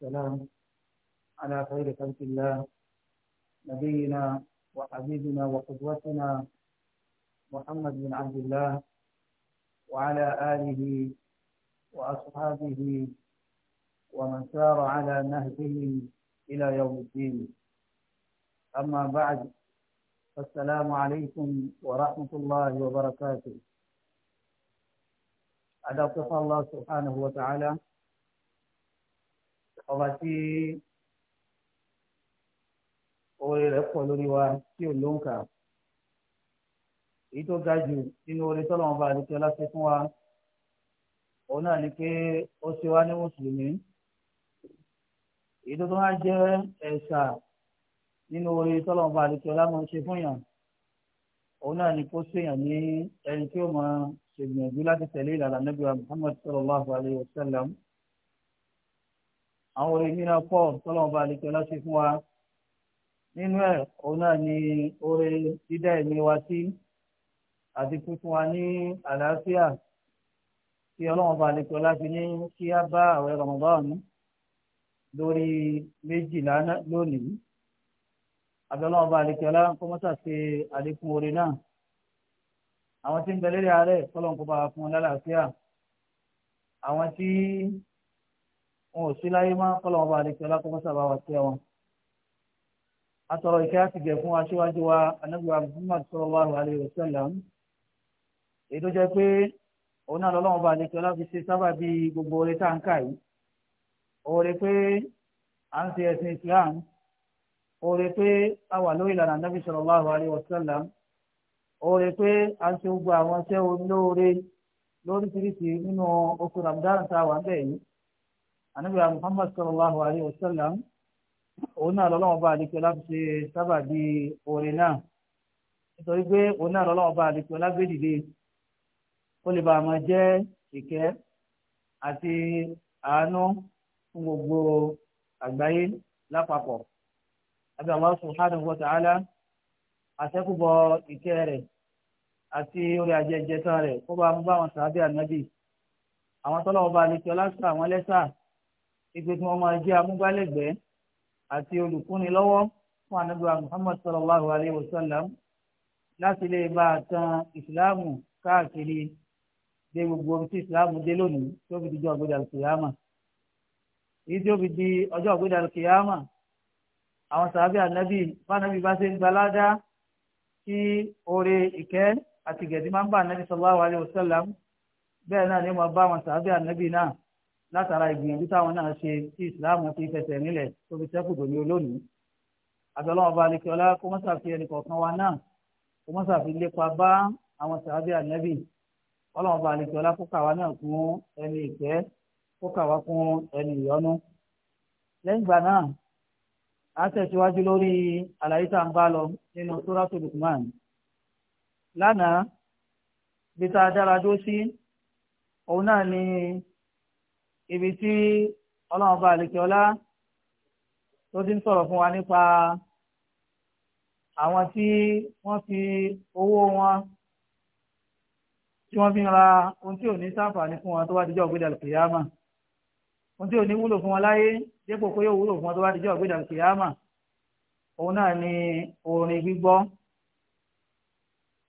والسلام على خير خلق الله نبينا وحبيبنا وقدوتنا محمد بن عبد الله وعلى آله وأصحابه ومن سار على نهجه إلى يوم الدين أما بعد السلام عليكم ورحمة الله وبركاته أدعو الله سبحانه وتعالى ọba tí oore rẹ̀ pọ̀ lórí wa tí ò ló ń kà èyí tó ga jù nínú oore tọ́lọ́mọba àti ọlásẹ fún wa òun náà ni pé ó ṣe wá ní mùsùlùmí èyí tó tó wá jẹ́ ẹ̀ṣà nínú oore tọ́lọ́mọba àti ọlámọ ṣe fún yàn òun náà ni kó ṣèyàn ní ẹni tí ó máa ṣègbìyànjú láti tẹ̀lé ìlànà nàbíyà Muhammad sallallahu alayhi wa sallam àwọn orí mìíràn pọ̀ tọ́lọ́wọ́n bá lè tọ́lá ṣe fún wa nínú ẹ̀ òun náà ni oore dídá ẹ̀mí wa sí àti fífún wa ní àlàáfíà tí ọlọ́wọ́n bá lè tọ́lá fi ní kí á bá àwẹ̀ Ramadan lórí méjìlá lónìí abẹ́lẹ́ ọba àlekẹ́lá kọ́mọ́tà ṣe àlékún orin náà àwọn tí ń bẹ lérí ààrẹ kọ́lọ́nkọ́ba fún lálàáfíà àwọn tí wọn ò sí láyé má kọ́lọ̀ wọn bá lè fi ọlákọ́kọ́ sábà wá sí ẹ̀wọ̀n. atọ̀rọ̀ ìkẹ́ àti gẹ̀ fún aṣíwájú wa anábì Muhammad sallallahu alayhi wa sallam èyí tó jẹ́ pé òun náà lọ́lọ́wọ́n bá lè fi ọlá fi ṣe sábà bí gbogbo oore tá à ń kà yìí oore pé à ń ṣe ẹ̀sìn Islam oore pé a wà lórí ìlànà anábì sallallahu alayhi wa sallam oore pé a ń ṣe gbogbo àwọn iṣẹ́ olóore ànábì wa muhammad sallallahu alayhi wa sallam òun náà lọ́lọ́wọ́ bá àdìpẹ́ láti ṣe sábà di orin náà nítorí pé òun náà lọ́lọ́wọ́ bá àdìpẹ́ lágbèdìde ó lè bá a máa jẹ́ ìkẹ́ àti àánú fún gbogbo àgbáyé lápapọ̀ àbí Allah subhanahu wa ta'ala àṣẹ́kùbọ̀ ìkẹ́ rẹ̀ àti orí ajẹjẹ tán rẹ̀ kó bá mú bá àwọn sàábẹ́ ànábì àwọn tọ́lọ́wọ́ bá àdìpẹ́ láti àwọn lẹ́sà ìpè tí wọ́n máa jẹ́ amúgbálẹ́gbẹ̀ẹ́ àti olùkúni lọ́wọ́ fún anábíwá muhammad sallallahu alayhi wa sallam láti lè bá a tan ìsìláàmù káàkiri dé gbogbo omi tí ìsìláàmù dé lónìí tí ó fi di ọjọ́ àgbéda kìyàmà èyí tí ó fi di ọjọ́ àgbéda kìyàmà àwọn sàbẹ̀ ànábì bánábì bá ṣe ń gbaládá kí oore ìkẹ́ àti gẹ̀dí máa ń bá ànábì sallallahu alayhi wa sallam bẹ́ẹ̀ náà ni mo bá àwọn sàbẹ̀ ànábì náà látara ìgbìyànjú táwọn náà ṣe tí ìsìláàmù fi fẹsẹ̀ nílẹ̀ tó fi sẹ́kù dòní olónìí àbẹ̀lọ́wọ́ ọba alẹ́kẹ́ọ́lá kó mọ́sà fi ẹnì kọ̀ọ̀kan wa náà kó mọ́sà fi lépa bá àwọn sàábì ànẹ́bì ọlọ́wọ́ ọba alẹ́kẹ́ọ́lá kó kà wá náà kún ẹni ìkẹ́ kó kà wá kún ẹni ìyọ́nú. lẹ́yìn ìgbà náà a tẹ̀síwájú lórí àlàyé tá à ń bá lọ nínú sóràtò Lukman lánàá òun náà ni ibi tí ọlọ́run bá àlekè ọlá tó ti ń sọ̀rọ̀ fún wa nípa àwọn tí wọ́n fi owó wọn tí wọ́n fi ra ohun tí ò ní sáǹfààní fún wọn tó bá dijọ́ ògbédà lùkìyàmà ohun tí ò ní wúlò fún wọn láyé dépò pé yóò wúlò fún wọn tó bá dijọ́ ògbédà lùkìyàmà òun náà ni orin gbígbọ́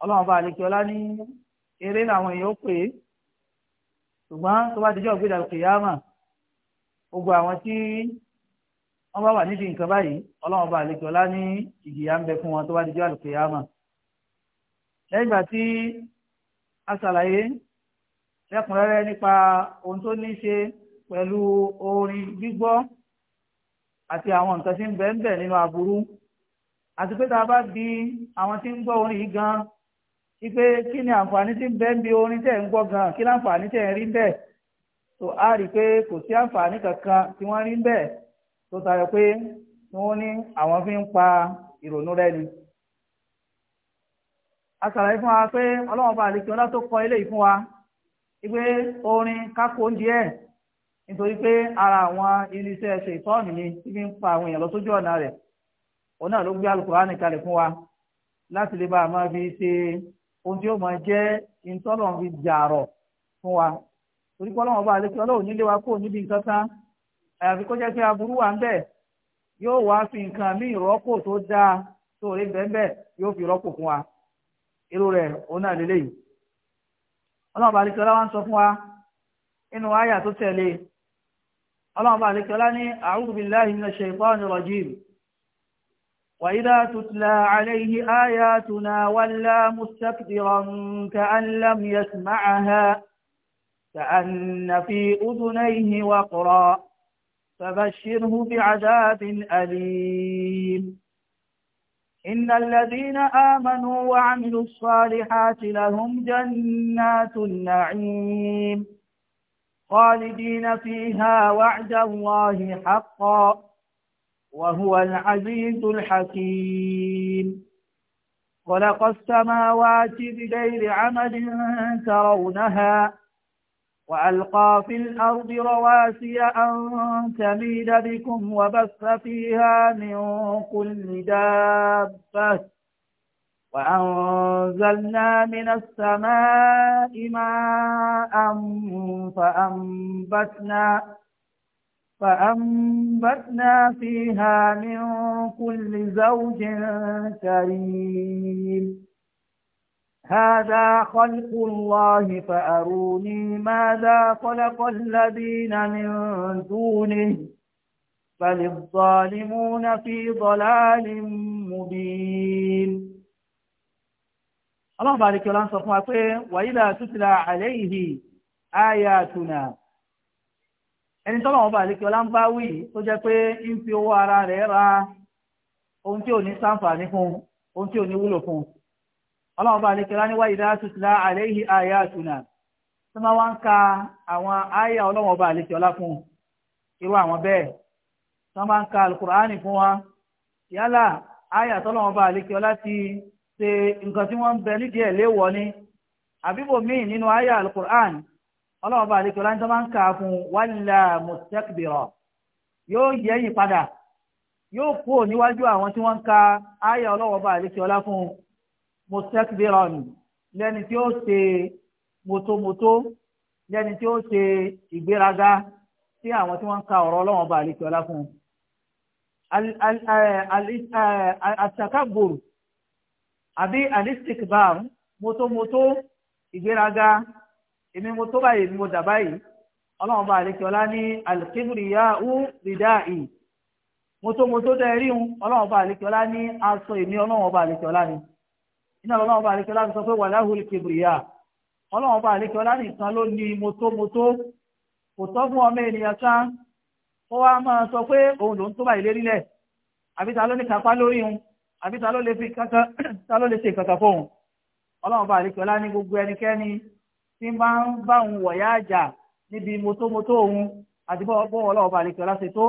ọlọ́run bá àlekè ọlá ní eré làwọn èèyàn pè é ṣùgbọ́n tó bá ti jọ́ ògbéra kìyàmà gbogbo àwọn tí wọ́n bá wà níbi nǹkan báyìí ọlọ́run bá àlejò ọlá ní ìjìyà ń bẹ fún wọn tó bá ti jọ́ àlùkìyàmà lẹ́yìn ìgbà tí a ṣàlàyé lẹ́kùnrẹ́rẹ́ nípa ohun tó ní ṣe pẹ̀lú orin gbígbọ́ àti àwọn nǹkan tí ń bẹ ń bẹ nínú aburú àti pé tá a bá bi àwọn tí ń gbọ́ orin yìí gan-an ipe kí ni àǹfààní tí ń ń bi orin tẹ̀ ń gbọ́ gan kí láǹfààní tẹ̀ ń rí ń tó a rí i pé kò sí àǹfààní kankan tí wọ́n rí ń bẹ̀ tó tayọ pé wọ́n ní àwọn fi ń pa ìrònú rẹ ni. a ṣàlàyé fún wa pé ọlọ́wọ́n bá àlejò tó kọ eléyìí fún wa wípé orin kákó oúnjẹ ẹ̀ nítorí pé ara àwọn irinṣẹ́ ẹ̀ṣẹ̀ ìtọ́ọ̀nì ni tí fi ń pa àwọn èèyàn lọ sójú ọ̀nà rẹ̀ òun náà ló gbé Al-Kùránì fún wa láti lè bá a máa fi ṣe ohun tí ó máa jẹ́ ìtọ́lọ̀ fi jàrọ̀ fún wa torí pé ọlọ́run ọba alekọla ọlọ́run nílé wa kó níbi nǹkan tán àyàfi kó jẹ́ pé aburú wa ń yóò wá fi nǹkan mí ìrọ́pò tó dáa tó rí bẹ́ẹ̀ fi rọ́pò fún wa irú rẹ̀ òun náà lélẹ́yìí ọlọ́run ọba alekọla ọlọ́run sọ fún wa inú àyà tó tẹ̀lé ọlọ́run ọba àlejò ọlọ́run ní وإذا تتلى عليه آياتنا ولى مستكبرا كأن لم يسمعها كأن في أذنيه وقرا فبشره بعذاب أليم إن الذين آمنوا وعملوا الصالحات لهم جنات النعيم خالدين فيها وعد الله حقا وهو العزيز الحكيم خلق السماوات بغير عمد ترونها وألقى في الأرض رواسي أن تميد بكم وبث فيها من كل دابة وأنزلنا من السماء ماء فأنبتنا فأنبتنا فيها من كل زوج كريم هذا خلق الله فأروني ماذا خلق الذين من دونه بل الظالمون في ضلال مبين الله بارك لنا سبحانه وإذا تتلى عليه آياتنا ẹni tọ́lọ̀ wọn bá lè kí ọlá ń bá wí tó jẹ́ pé ń fi owó ara rẹ̀ ra ohun tí ò ní sáǹfààní fún ohun tí ò ní wúlò fún ọlọ́wọ́n bá lè kí ọlá ní wáyé dá tutla àléhì ayatuna tó máa wá ń ka àwọn àyà ọlọ́wọ́n bá lè kí ọlá fún irú àwọn bẹ́ẹ̀ tó máa ń ka alukur'ani fún wa yálà àyà tọ́lọ́wọ́n bá lè kí ọlá ti ṣe nǹkan tí wọ́n ń bẹ nídìí ẹ̀ léèwọ̀ ni àbíbò míì nínú àyà alukur'ani ọlọ́ọ̀bá àlejò láńtọ́ máa ń kà á fún wàlá mustakbira yóò yẹ̀yìn padà yóò kú níwájú àwọn tí wọ́n ń ka ayé ọlọ́ọ̀bá àlejò ọlá fún mustakbira ni lẹ́ni tí ó ṣe mọ́tòmọ́tò lẹ́ni tí ó ṣe ìgbéraga sí àwọn tí wọ́n ń ka ọ̀rọ̀ ọlọ́ọ̀bá àlejò ọlá fún àtàkàgbòrò eh, eh, àbí àlìsìkìbà mọ́tòmọ́tò ìgbéraga èmi mo tó báyìí èmi mo dà báyìí ọlọ́run bá àlekè ọlá ní alikibiri ya ú rìdá ì mo tó mo tó dá ẹrí hun ọlọ́run bá àlekè ọlá ní aṣọ èmi ọlọ́run bá àlekè ọlá ní iná ọlọ́run bá àlekè ọlá sọ pé wàlá hu alikibiri ya ọlọ́run bá àlekè ọlá nìkan ló ní mo tó mo tó kò tọ́ fún ọmọ ènìyàn kan ó wá máa sọ pé òun lòún tó báyìí lérí àbí ta ló ní kápá lórí hun àbí ta ló lè fi kankan ta ló lè ṣe kankan fóun ọlọ́run bá àlekè ọlá ní gbogbo ẹnikẹ́ni tí máa ń bá òun wọ̀yá àjà níbi mọ́tòmọ́tò òun àti bọ́ ọlọ́run bá àlekè ọlá ṣe tó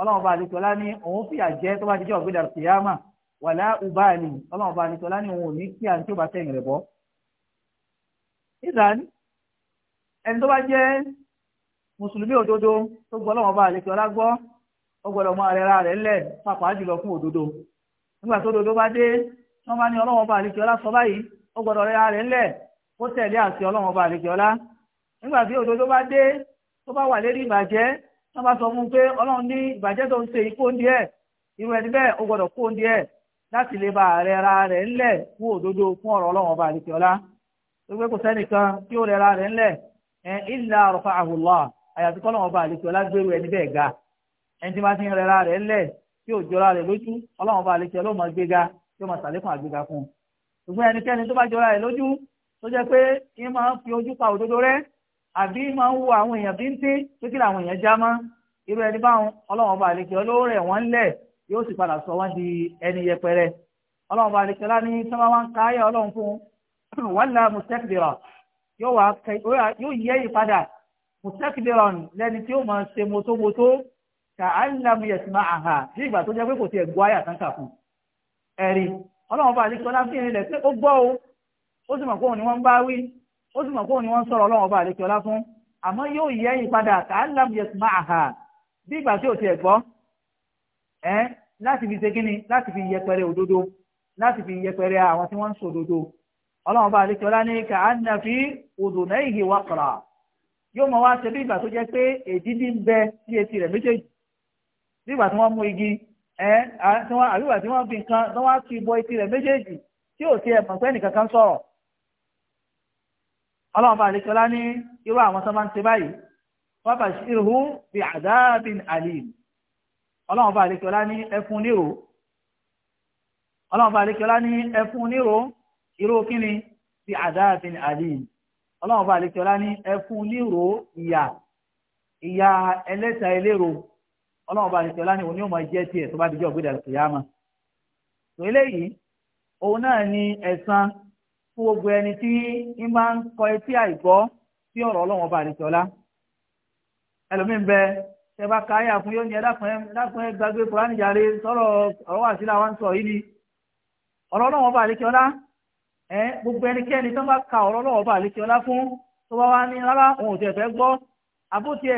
ọlọ́run bá àlekè ọlá ní òun fìyà jẹ́ tó bá ti jẹ́ ọ̀gbẹ́dà kìyàmà wàlá ubali ọlọ́run bá àlekè ọlá ní òun ò ní kí à ń tí ó bá tẹ̀yìn rẹ̀ bọ́. ìdáni ẹni tó bá jẹ́ mùsùlùmí òdodo tó gbọ́ ọlọ́run bá àlekè gbọ́ ó gbọ́dọ̀ mọ àrẹ́ra rẹ̀ lẹ̀ pàápàá kó tẹ̀lé àti ọlọ́run ọba àlejòọ́lá nígbà tí òdodo bá dé tó bá wà lérí ìbàjẹ́ wọ́n bá sọ fún un pé ọlọ́run ní ìbàjẹ́ tó ń ṣe ikú oúnjẹ irú ẹni bẹ́ẹ̀ ó gbọ́dọ̀ kó oúnjẹ láti lè ba ààrẹ ra rẹ̀ ńlẹ̀ fún òdodo fún ọlọ́run ọba wípé kò sẹ́nìkan tí ó rẹ̀ rẹ̀ tó jẹ́ pé kí n máa ń fi ojú pa òdodo rẹ àbí máa ń wo àwọn èèyàn bíntín pé kí làwọn èèyàn já mọ́ irú ẹni báwọn ọlọ́run ọba àlejò olóore wọn lẹ̀ yóò sì padà sọ wọ́n di ẹni yẹpẹrẹ ọlọ́run ọba àlejò láni tí wọ́n wá ń ka ayé ọlọ́run fún wàhálà mùsẹ́kìdìrọ̀ yóò yẹ ìpadà mùsẹ́kìdìrọ̀ lẹ́ni tí ó máa ṣe mọ́tómọ́tó kà á ń lamu yẹ̀sì máa hàn án ní ìgbà tó jẹ́ pé kò tiẹ̀ gbọ́ àyà kankan fún ẹ̀rí ọlọ́run ọba àlejò láfi ẹni lẹ̀ ó sì mọ̀ pé ni wọ́n ń bá wí ó sì mọ̀ pé òun ni wọ́n ń sọ̀rọ̀ ọlọ́run ọba àlekè ọlá fún àmọ́ yóò yẹ ìpadà kàálàm yẹn má a hà bí ìgbà tí ò tiẹ̀ gbọ́ ẹ láti fi ṣe kíni láti fi yẹpẹrẹ òdodo láti fi yẹpẹrẹ àwọn tí wọ́n ń sòdodo ọlọ́run ọba àlekè ọlá ní kàánà fi òdòdó ìhè wà kọ̀rọ̀ yóò mọ wá ṣe bí ìgbà tó jẹ́ pé èdí ní bẹ sí etí rẹ̀ méjèèjì bí ìgbà tí wọ́n mú igi ẹ àbí ìgbà tí wọ́n fi nǹkan tí wọ́n ti bọ etí rẹ̀ méjèèjì tí ò tiẹ̀ mọ̀ pé ẹnìkankan sọ̀rọ̀ ọlọ́run bá àdékọ́lá ní irú àwọn tó máa ń ṣe báyìí wọ́n bá ṣírhu bí àdáàbìn alim ọlọ́run bá àdékọ́lá ní ẹfun níro ọlọ́run bá àdékọ́lá ní ẹfun níro irú kíni bí àdáàbìn alim ọlọ́run bá àdékọ́lá ní ẹfun níro ìyà ìyà ẹlẹ́ta eléro ọlọ́run bá àdékọ́lá ní òní ò jẹ́ tiẹ̀ tó bá dijọ́ gbé dàgbé yá ma. tòun eléyìí òun náà ni ẹ̀san fún gbogbo ẹni tí ń máa ń kọ etí àìgbọ́ sí ọ̀rọ̀ ọlọ́run ọba àdìsọ́lá ẹlòmíín bẹ ṣe bá ka ayé àfún yóò ní ẹdáfún ẹ gbàgbé kúránì jàre sọ̀rọ̀ ọ̀rọ̀ wà sílẹ̀ àwọn sọ yìí ni ọ̀rọ̀ ọlọ́run ọba àdìsọ́lá ẹ gbogbo ẹnikẹ́ni tó bá ka ọ̀rọ̀ ọlọ́run ọba àdìsọ́lá fún tó bá wá ní rárá òun ò tiẹ̀ fẹ́ gbọ́ àbótí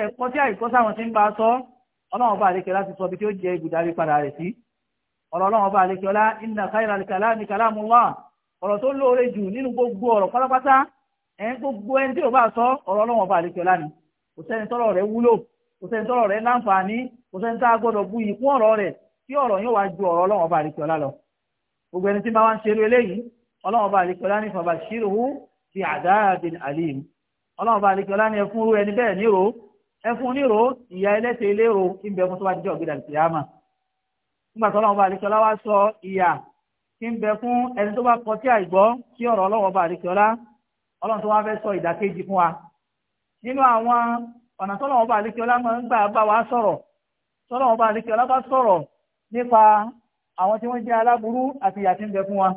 kọ́ ọ̀rọ̀ tó lóore jù nínú gbogbo ọ̀rọ̀ pátápátá ẹ̀yìn gbogbo ẹni tí ò bá sọ ọ̀rọ̀ ọlọ́wọ́n ọba àlejò lánàá kò sẹ́ni tọ́rọ̀ rẹ̀ wúlò kò sẹ́ni tọ́rọ̀ rẹ̀ láǹfààní kò sẹ́ni tá a gbọ́dọ̀ bu ìkún ọ̀rọ̀ rẹ̀ tí ọ̀rọ̀ yóò wá ju ọ̀rọ̀ ọlọ́wọ́n ọba àlejò lá lọ. gbogbo ẹni tí bá wá ń ṣerú eléyìí ọlọ́wọ́n ọba àlejò lá ní fàbà ṣírùhù bá tí ń bẹ fún ẹni tó bá kọtí àìgbọ́ tí ọ̀rọ̀ ọlọ́wọ́ bá àdékẹ́ọ́lá ọlọ́run tó wá fẹ́ sọ ìdàkejì fún wa nínú àwọn ọ̀nà tọ́lọ́wọ́ bá àdékẹ́ọ́lá máa ń gbà bá wa sọ̀rọ̀ bá bá sọ̀rọ̀ nípa àwọn tí wọ́n jẹ́ aláburú àti tí fún wa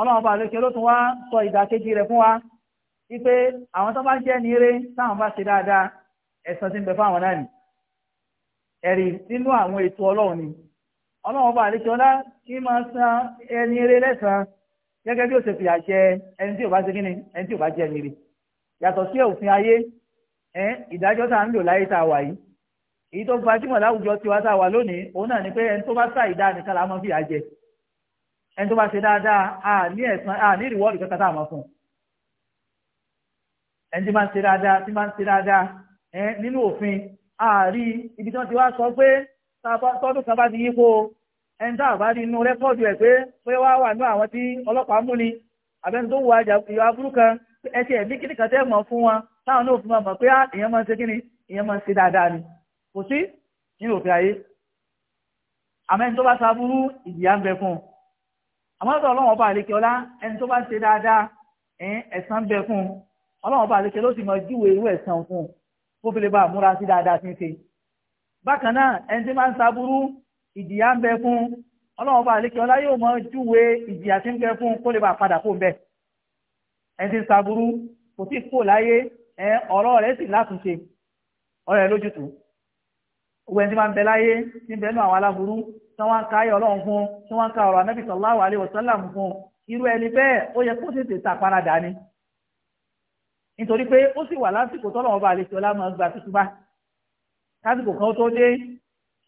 ọlọ́run bá ọlọ́run bá àlejò ọlá kí máa san ẹni eré lẹ́sàn-án gẹ́gẹ́ bí ó ṣe fi àṣẹ ẹni tí ò bá ṣe kí ni ẹni tí ò bá jẹ́ ẹni rè yàtọ̀ sí òfin ayé ìdájọ́ tá à ń lò láyé tá a wà yìí èyí tó gbajúmọ̀ láwùjọ tiwa tá a wà lónìí òun náà ni pé ẹni tó bá sá ìdá nìkan la máa fi àjẹ ẹni tó bá ṣe dáadáa a ní ẹ̀san a ní ìrìwọ́ọ̀dù kankan tá a máa fún ẹni tí máa ń ṣe dáadáa tí máa ń ṣe dáadáa nínú òfin àárí ibi tí wọ́n ti wá sọ pé tọdún kan bá ti yípo ẹni tá àbá rí inú rẹ́kọ́ọ̀dù ẹ̀ pé pé wá wà ní àwọn tí ọlọ́pàá mú ni àbẹ́ni tó wà ìwà burú kan ẹtì ẹ̀mí kíní kan tẹ́ mọ̀ fún wọn táwọn náà fi máa mọ̀ pé ah, ìyẹn máa ń ṣe kíni ìyẹn máa ń ṣe dáadáa ni kò sí nínú òfin ayé àmẹ́ni tó bá sábúrú ìjìyà ń bẹ fún un àmọ́ sọ ọlọ́wọ́n ọba àlekè ọlá ẹni tó bá ṣe dáadáa ẹ̀san bẹ fún un ọlọ́wọ́n ọba àlekè ló sì mọ júwe irú ẹ̀san fún un kó fi lè ń sábúrú ìjìyà ń bẹ fún ọlọ́run bá àlékè ọlá yóò mọ júwe ìjìyà tí ń bẹ fún kó lè bá padà kó ń bẹ ẹni tí ń saburú kò tí kò láyé ọ̀rọ̀ rẹ̀ sì látúnṣe ọ̀rọ̀ rẹ̀ lójútùú owó ẹni tí máa ń bẹ láyé tí ń bẹ nínú àwọn aláburú tí wọ́n ń ka ayé ọlọ́run fún tí wọ́n ń ka ọ̀rọ̀ anábì sallallahu alaihi wasallam fún irú ẹni bẹ́ẹ̀ ó yẹ kó tètè ta paradà ni nítorí pé ó sì wà lásìkò tọ́lọ́run bá àlejò ọlá máa ń gba tútù bá lásìkò kan tó dé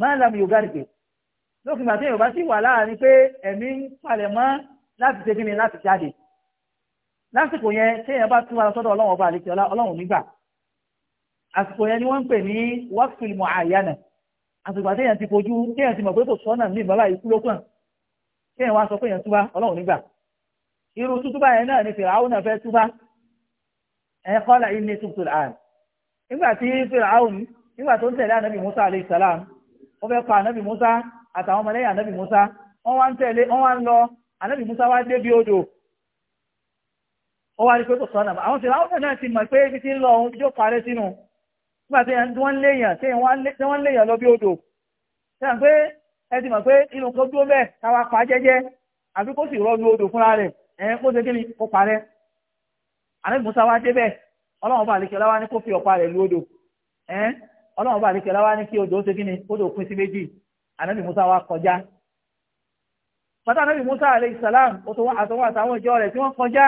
mọ́làmù yorùbá rẹ̀ lókè màtí yorùbá sì wà láàrin pé ẹ̀mí ń palẹ̀ mọ́ láti ṣe kíni láti jáde lásìkò yẹn téèyàn bá tún ara sọ́dọ̀ ọlọ́run ọba àlejò ọlọ́run nígbà àsìkò yẹn ni wọ́n ń pè ní wákìlì mọ̀ àyànà àsìkò àtẹ̀yàn ti fojú téèyàn ti mọ̀ pé kò sọ́nà ní ìmọ̀lá ikú lókàn téèyàn wá sọ pé èèyàn túbá ọlọ́run nígbà irú tútúbá yẹn náà ni fìràwọ́ náà fẹ́ túbá ẹ̀ kọ́lá ilé tuntun ààrẹ nígbà tí fìràwọ́ nígbà tó ń tẹ̀lé ànábì Musa alayhi salam wọ́n fẹ́ pa ànábì Musa àtàwọn ọmọlẹ́yìn ànábì Musa wọ́n wá ń tẹ̀lé wọ́n wá ń lọ ànábì Musa wá débi odò ó wá rí pé sọ́nà àwọn tí wọ́n náà ti mọ̀ pé ibi tí ń lọ òun yóò parẹ́ sínú nígbà tí wọ́n léèyàn tí wọ́n léèyàn lọ bí odò sẹ́yìn pé ẹ ti mọ̀ pé inú kan dúró bẹ́ẹ̀ táwa pa jẹ́jẹ́ àbí kó sì rọ́ọ̀lù odò fúnra rẹ̀ ẹ̀yẹn kó ṣe kí ni kó parẹ́ ànábì Musa wá débẹ̀ ọlọ́run bá àlekẹ́ ọlá wá kó fi ọ̀pá rẹ̀ lu odò ẹ̀yẹn ọlọ́run bá àríkẹ́ láwá ní kí odò ó ṣe kí ni odò pín sí méjì ànábì musa wá kọjá pátá ànábì musa alayhi salam àtọwọ́ àtàwọn ìjọ rẹ̀ tí wọ́n kọjá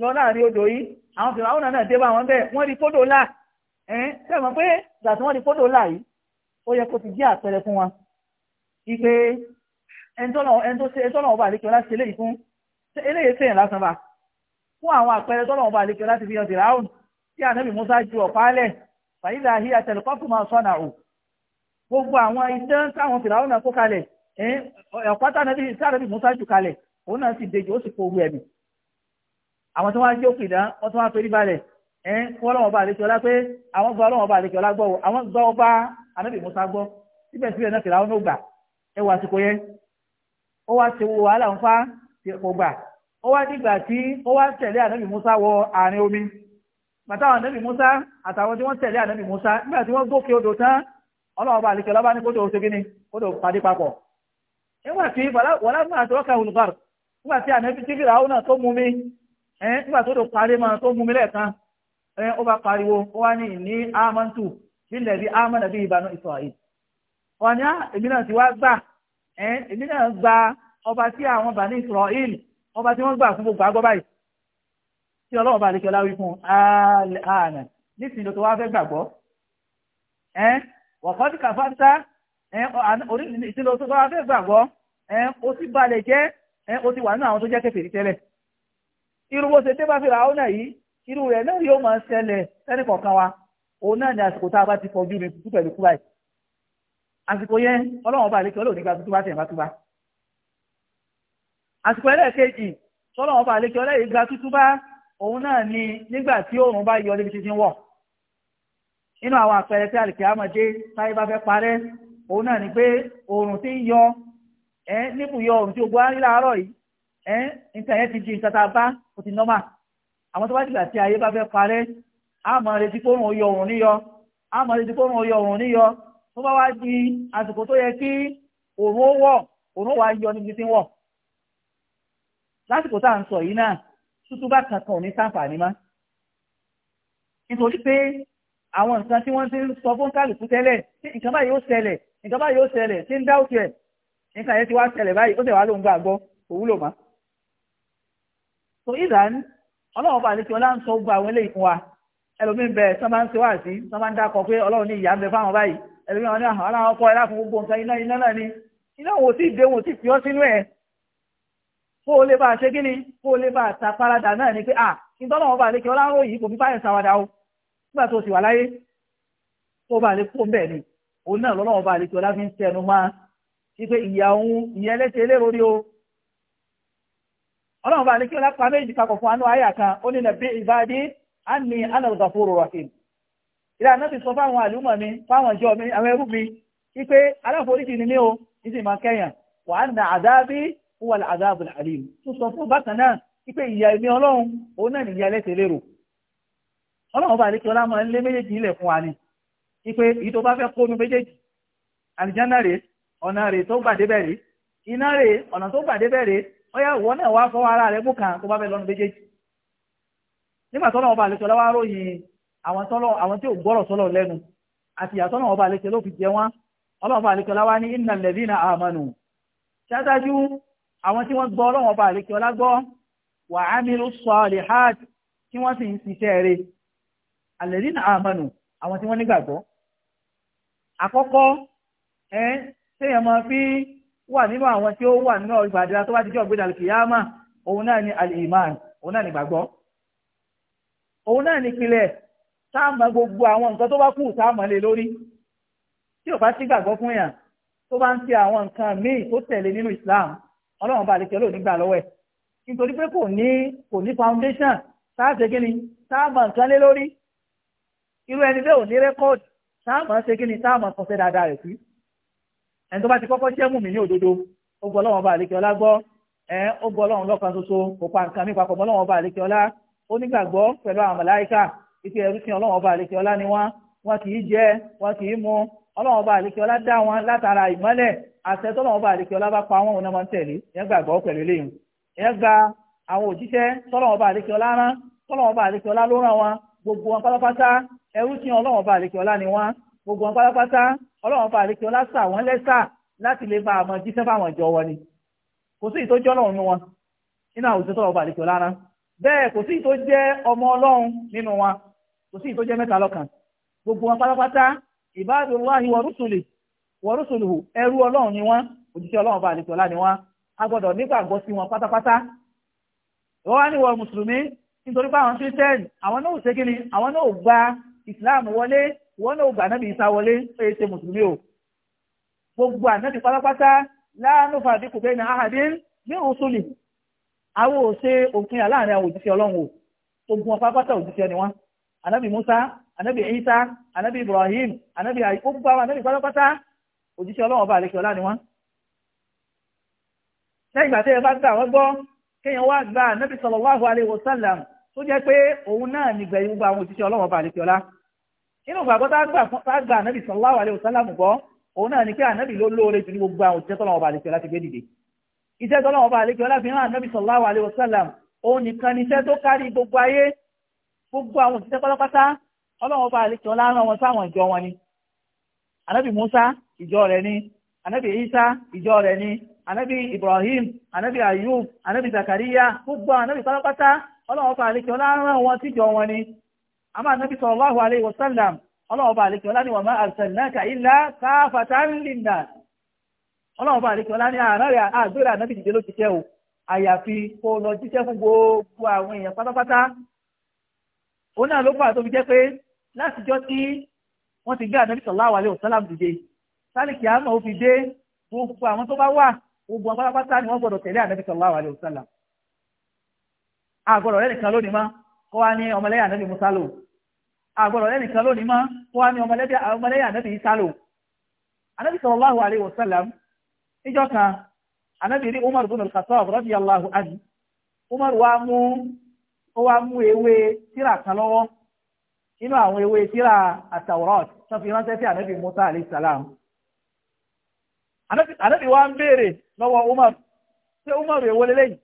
lọ láàrin odò yìí àwọn fìlà àwọn náà dé bá wọn bẹ́ẹ̀ wọ́n rí kódò là ẹ̀ẹ́n tẹ́ mọ̀ pé ìgbà tí wọ́n rí kódò là yìí ó yẹ kó ti jẹ́ àpẹẹrẹ fún wọn ipe ẹ̀ńtọ́nà ọba àríkẹ́ láti ṣe léyìí fún eléyìí sẹ́yìn lásán bá fún àwọn àpẹẹrẹ fàyídà àhí àtẹ̀lẹ̀kọ́fù máa sọ́nà ò gbogbo àwọn iṣẹ́ táwọn fìlàwọ́n náà kó kalẹ̀ ọ̀pátá nàbí sáràbí musa jù kalẹ̀ òun náà sì dejò ó sì kó owó ẹ̀mí àwọn tí wọ́n jó pìdá wọ́n tí wọ́n torí balẹ̀ fún ọlọ́wọ́n bá àlejò ọlá pé àwọn gba ọlọ́wọ́n bá àlejò ọlá gbọ́ àwọn gbọ́ ọba anábì musa gbọ́ síbẹ̀síbẹ̀ náà fìlàwọ́n ló gbà ẹ wà àsìkò yẹn ó wá ṣe wo wàhálà ń fa kò gbà ó wá dìgbà tí ó wá tẹ̀lé anábì musa wọ àárín omi bàtàwọn ànábì Musa àtàwọn tí wọ́n tẹ̀lé ànábì Musa nígbà tí wọ́n gòkè odò tán ọlọ́wọ́ bá àlekè lọ́bá ní kódò ṣe gíní kódò pàdé papọ̀ nígbà tí wọ́lá fún àtọ́kà olùgbàr nígbà tí ànábì tí fìlà ọ̀nà tó mú mi nígbà tó dò parí máa tó mú mi lẹ́ẹ̀kan ó bá pariwo ó wá ní ní amantu ah, nílẹ̀ bí amana bí ìbànú Israel wọn ni èmi náà ti wá gbà èmi náà gba ọba tí àwọn bàní Israel ọba tí wọ́n gbà fún gbogbo àgbọ́ báyìí tí ọlọ́run bá lékẹ́ láwí fún ààrẹ nísìnyí tó wá fẹ́ gbàgbọ́ ọ̀kọ́ ti kàfáńtà ìsìnlọ tó wá fẹ́ gbàgbọ́ ó sì balẹ̀ jẹ́ ó ti wà nínú àwọn tó jẹ́ kèfèrí tẹ́lẹ̀ irú bó ṣe dé bá fìrà ọ́nà yìí irú rẹ̀ náà yóò máa ṣẹlẹ̀ sẹ́nì kọ̀ọ̀kan wa òun náà ni àsìkò tá a bá ti fọjú mi tútù pẹ̀lú kúráì àsìkò yẹn ọlọ́run bá lékẹ́ olóòní gba tútù bá tẹ̀ bá túbá àsìkò ẹlẹ́ẹ̀kejì tọ́lọ́run bá lékẹ́ ọlẹ́yìn gba tútù bá òun náà ni nígbà tí oòrùn bá yọ níbi títí wọ̀ nínú àwọn àpẹẹrẹ tí àlìkè àmọ̀dé táyé bá fẹ́ parẹ́ òun náà ni pé oòrùn ti ń yọ ẹ níbùyọ oòrùn tí ogun arí láàárọ̀ yìí ẹ nǹkan yẹn ti di nǹkan tá a bá kò ti nọ́mà àwọn tó bá dìgbà tí ayé bá fẹ́ parẹ́ àmọ́ retí òun yọ níyọ àmọ́ retí yọ níyọ tó bá wá di àsìkò tó yẹ kí ó wọ̀ ó wá tí ń lásìkò tútú bá kankan ò ní sáǹfààní má nítorí pé àwọn nǹkan tí wọ́n ti ń sọ fún kálukú tẹ́lẹ̀ tí nǹkan báyìí ó ṣẹlẹ̀ nǹkan báyìí ó ṣẹlẹ̀ tí ń dá òkè nǹkan yẹn ti wá ṣẹlẹ̀ báyìí ó sì wá lóun gbàgbọ́ òwúlò má. so ìdán ọlọ́run bá àlejò ọlá ń sọ gbogbo àwọn eléyìí fún wa ẹlòmíín bẹ tán bá ń ṣe wáàsí tán bá ń dákọ pé ọlọ́run ní ìyá ń bẹ fáwọn báyìí ẹlòmíín wọn ni iná wo ti dé wo ti kó o lè bá ṣe kí ni kó o lè bá ta parada náà ni pé à ìtọ́nà wọn bá lè kí ọlá rò yìí kò fi báyìí sáwádà o nígbà tó sì wà láyé tó bá lè kó ń ni òun náà lọ́nà wọn bá lè kí ọlá fi ń tẹnu máa wípé ìyá òun ìyẹn lẹ́sẹ̀ elérò ni o ọlọ́run bá lè kí ọlá pa méjì papọ̀ fún anú àyà kan ó ní nàbí ìbáàdí á ní alàlùfàfóró rahim ìlànà ti sọ fáwọn àlùmọ̀ mi fáwọn ìjọ mi àwọn ẹrú mi wípé aláforíjì o ìsìn máa kẹyàn wàá wà láàdáàbò àlèm tó sọ fún bákan náà wípé ìyà ẹ̀mí ọlọ́run òun náà nìyà ẹlẹ́sẹ̀ lérò ọlọ́run bá ọlá máa ń lé méjèèjì ilẹ̀ fún wa ni tó bá fẹ́ méjèèjì ọ̀nà tó gbàdé bẹ̀rẹ̀ iná ọ̀nà tó gbàdé bẹ̀rẹ̀ ọyá ìwọ náà wá fọwọ́ ara tó bá fẹ́ lọ́nu méjèèjì nígbà ọba àlékè ọlá wá ròyìn àwọn tí wọ́n gbọ́ ọlọ́run ọba àlekí ọlá gbọ́ wà á mìíràn salihat tí wọ́n sì ń ṣiṣẹ́ rẹ̀ alladhina amanu àwọn tí wọ́n nígbàgbọ́ àkọ́kọ́ ẹ sẹ́yìn máa fi wà nínú àwọn tí ó wà nínú ọgbà tó bá ti jẹ́ ọ̀gbìn al-qiyama òun náà ni al òun náà ni gbàgbọ́ òun náà ni ìpìlẹ̀ táàmà gbogbo àwọn nǹkan tó bá kù táàmà lé lórí tí ò bá sí gbàgbọ́ fún yàn tó bá ń ṣe àwọn nǹkan míì tó tẹ̀lé nínú Islam ọlọ́run bá lè tẹ́lò nígbà lọ́wọ́ ẹ̀ nítorí pé kò ní kò ní foundation sáàṣe kí ni sáàmà nǹkan lé lórí irú ẹni bẹ́ẹ̀ ò ní record sáàmà ṣe kí ni sáàmà kọsẹ́ dáadáa rẹ̀ sí ẹni tó bá ti kọ́kọ́ jẹ́ mùmí ní òdodo ó gbọ́ ọlọ́run bá lè tẹ́lá gbọ́ ẹ ó gbọ́ ọlọ́run lọ́kan ṣoṣo kò pa nǹkan nípa pọ̀ ọlọ́run bá lè tẹ́lá ó nígbàgbọ́ pẹ̀lú àwọn màláíkà ìpè ẹrú sí ọlọ́run bá lè tẹ́lá ni wọ́n ọlọ́run ọba àlekí ọlá dá wọn látara ìmọ́lẹ̀ àṣẹ tọ́lọ́run ọba àlekí ọlá bá pa wọn òun náà máa ń tẹ̀lé ìyẹn gbàgbọ́ pẹ̀lú eléyìí ìyẹn gba àwọn òjíṣẹ́ tọ́lọ́run ọba àlekí ọlá rán tọ́lọ́run ọba àlekí ọlá ló rán wọn gbogbo wọn pátápátá ẹrú sí ọlọ́run ọba àlekí ọlá ni wọn gbogbo wọn pátápátá ọlọ́run ọba àlekí ọlá sà wọ́n lẹ́sà láti lè bá àmọ́ jíṣẹ́ fáwọn ìjọ wọn ni kò sí ìtọ́jú ọlọ́run nínú wọn nínú àwọn òṣìṣẹ́ tọ́lọ́run ọba àlekí ọlá rán bẹ́ẹ̀ kò sí ìtó jẹ́ ọmọ ọlọ́run nínú wọn kò sí ìtó jẹ́ mẹ́ta lọ́kan gbogbo wọn pátápátá ìbádullahi wa rusuli wa rusuluhu ẹrú ọlọ́run ni wọ́n òjíṣẹ́ ọlọ́run bá àlejò ọlá ni wọ́n a gbọ́dọ̀ nígbàgbọ́ sí wọn pátápátá wọ́n wá ní wọ mùsùlùmí nítorí pé àwọn kírísítẹ́nì àwọn náà ṣe kíni àwọn náà gba ìsìláàmù wọlé wọn náà gba ànábì Ìsá wọlé pé ṣe mùsùlùmí o gbogbo ànábì pátápátá láàánú fàdí kò bẹ́ẹ̀ ní ahadin ní rusuli àwọn ò ṣe òfin àláàrin àwọn òjíṣẹ́ ọlọ́run o gbogbo wọn pátápátá òjíṣẹ́ ni wọn ànábì Musa anabi isa anabi ibrahim anabi gbogbo àwọn anabi pátápátá òjíṣẹ́ ọlọ́run ọba àlekè ọlá ni wọ́n. lẹ́yìn ìgbà tí ẹ bá gbà wọ́n gbọ́ kéèyàn wá gba anabi sallallahu alaihi wasallam tó jẹ́ pé òun náà nígbẹ̀yìn gbogbo àwọn òjíṣẹ́ ọlọ́run ọba àlekè ọlá. inú ìgbàgbọ́ tá a gba anabi sallallahu alaihi wasallam gbọ́ òun náà ni pé anabi ló lóore ju gbogbo àwọn òjíṣẹ́ tọ́lọ́run ọba àlekè ọlá ti gbé alaihi wasallam òun nìkan ni iṣẹ́ tó kárí gbogbo ayé gbogbo àwọn òjíṣẹ́ pátápátá ọlọ́run bá àlejò láàrán wọn sáwọn ìjọ wọn ni anabi musa ìjọ ọrịa ni anabi isa ìjọ ọrịa ni anabi ibrahim anabi ayub anabi zakariya gbogbo anabi pátápátá ọlọ́run bá àlejò láàrán wọn síjọ wọn ni àmọ́ anabi sallallahu alayhi sallam ọlọ́run bá ọlọ́run bá anabi dìde ló ti jẹ́ o àyàfi kó lọ jíṣẹ́ fún gbogbo àwọn èèyàn pátápátá náà látijọ́ tí wọ́n ti gbé ànábì sallallahu alaihi wasallam dìde sálìkì àmọ́ ó fi dé gbogbo àwọn tó bá wà gbogbo àwọn pátápátá ni wọ́n gbọ́dọ̀ tẹ̀lé ànábì sallallahu alaihi wasallam àgbọ̀dọ̀ rẹ̀ nìkan lónìí má kó wá ní ọmọlẹ́yà ànábì Musa lò àgbọ̀dọ̀ rẹ̀ nìkan lónìí má kó wá ní ọmọlẹ́yà ànábì Isa lò ànábì sallallahu alaihi wasallam níjọ́ kan nínú àwọn ewé tíra àtàwọ̀rọ̀t tó fi ránṣẹ́ sí ànábì musa aleyhisalaam ànábì wa ń béèrè lọ́wọ́ umar ṣé umar èwo lélẹ́yìn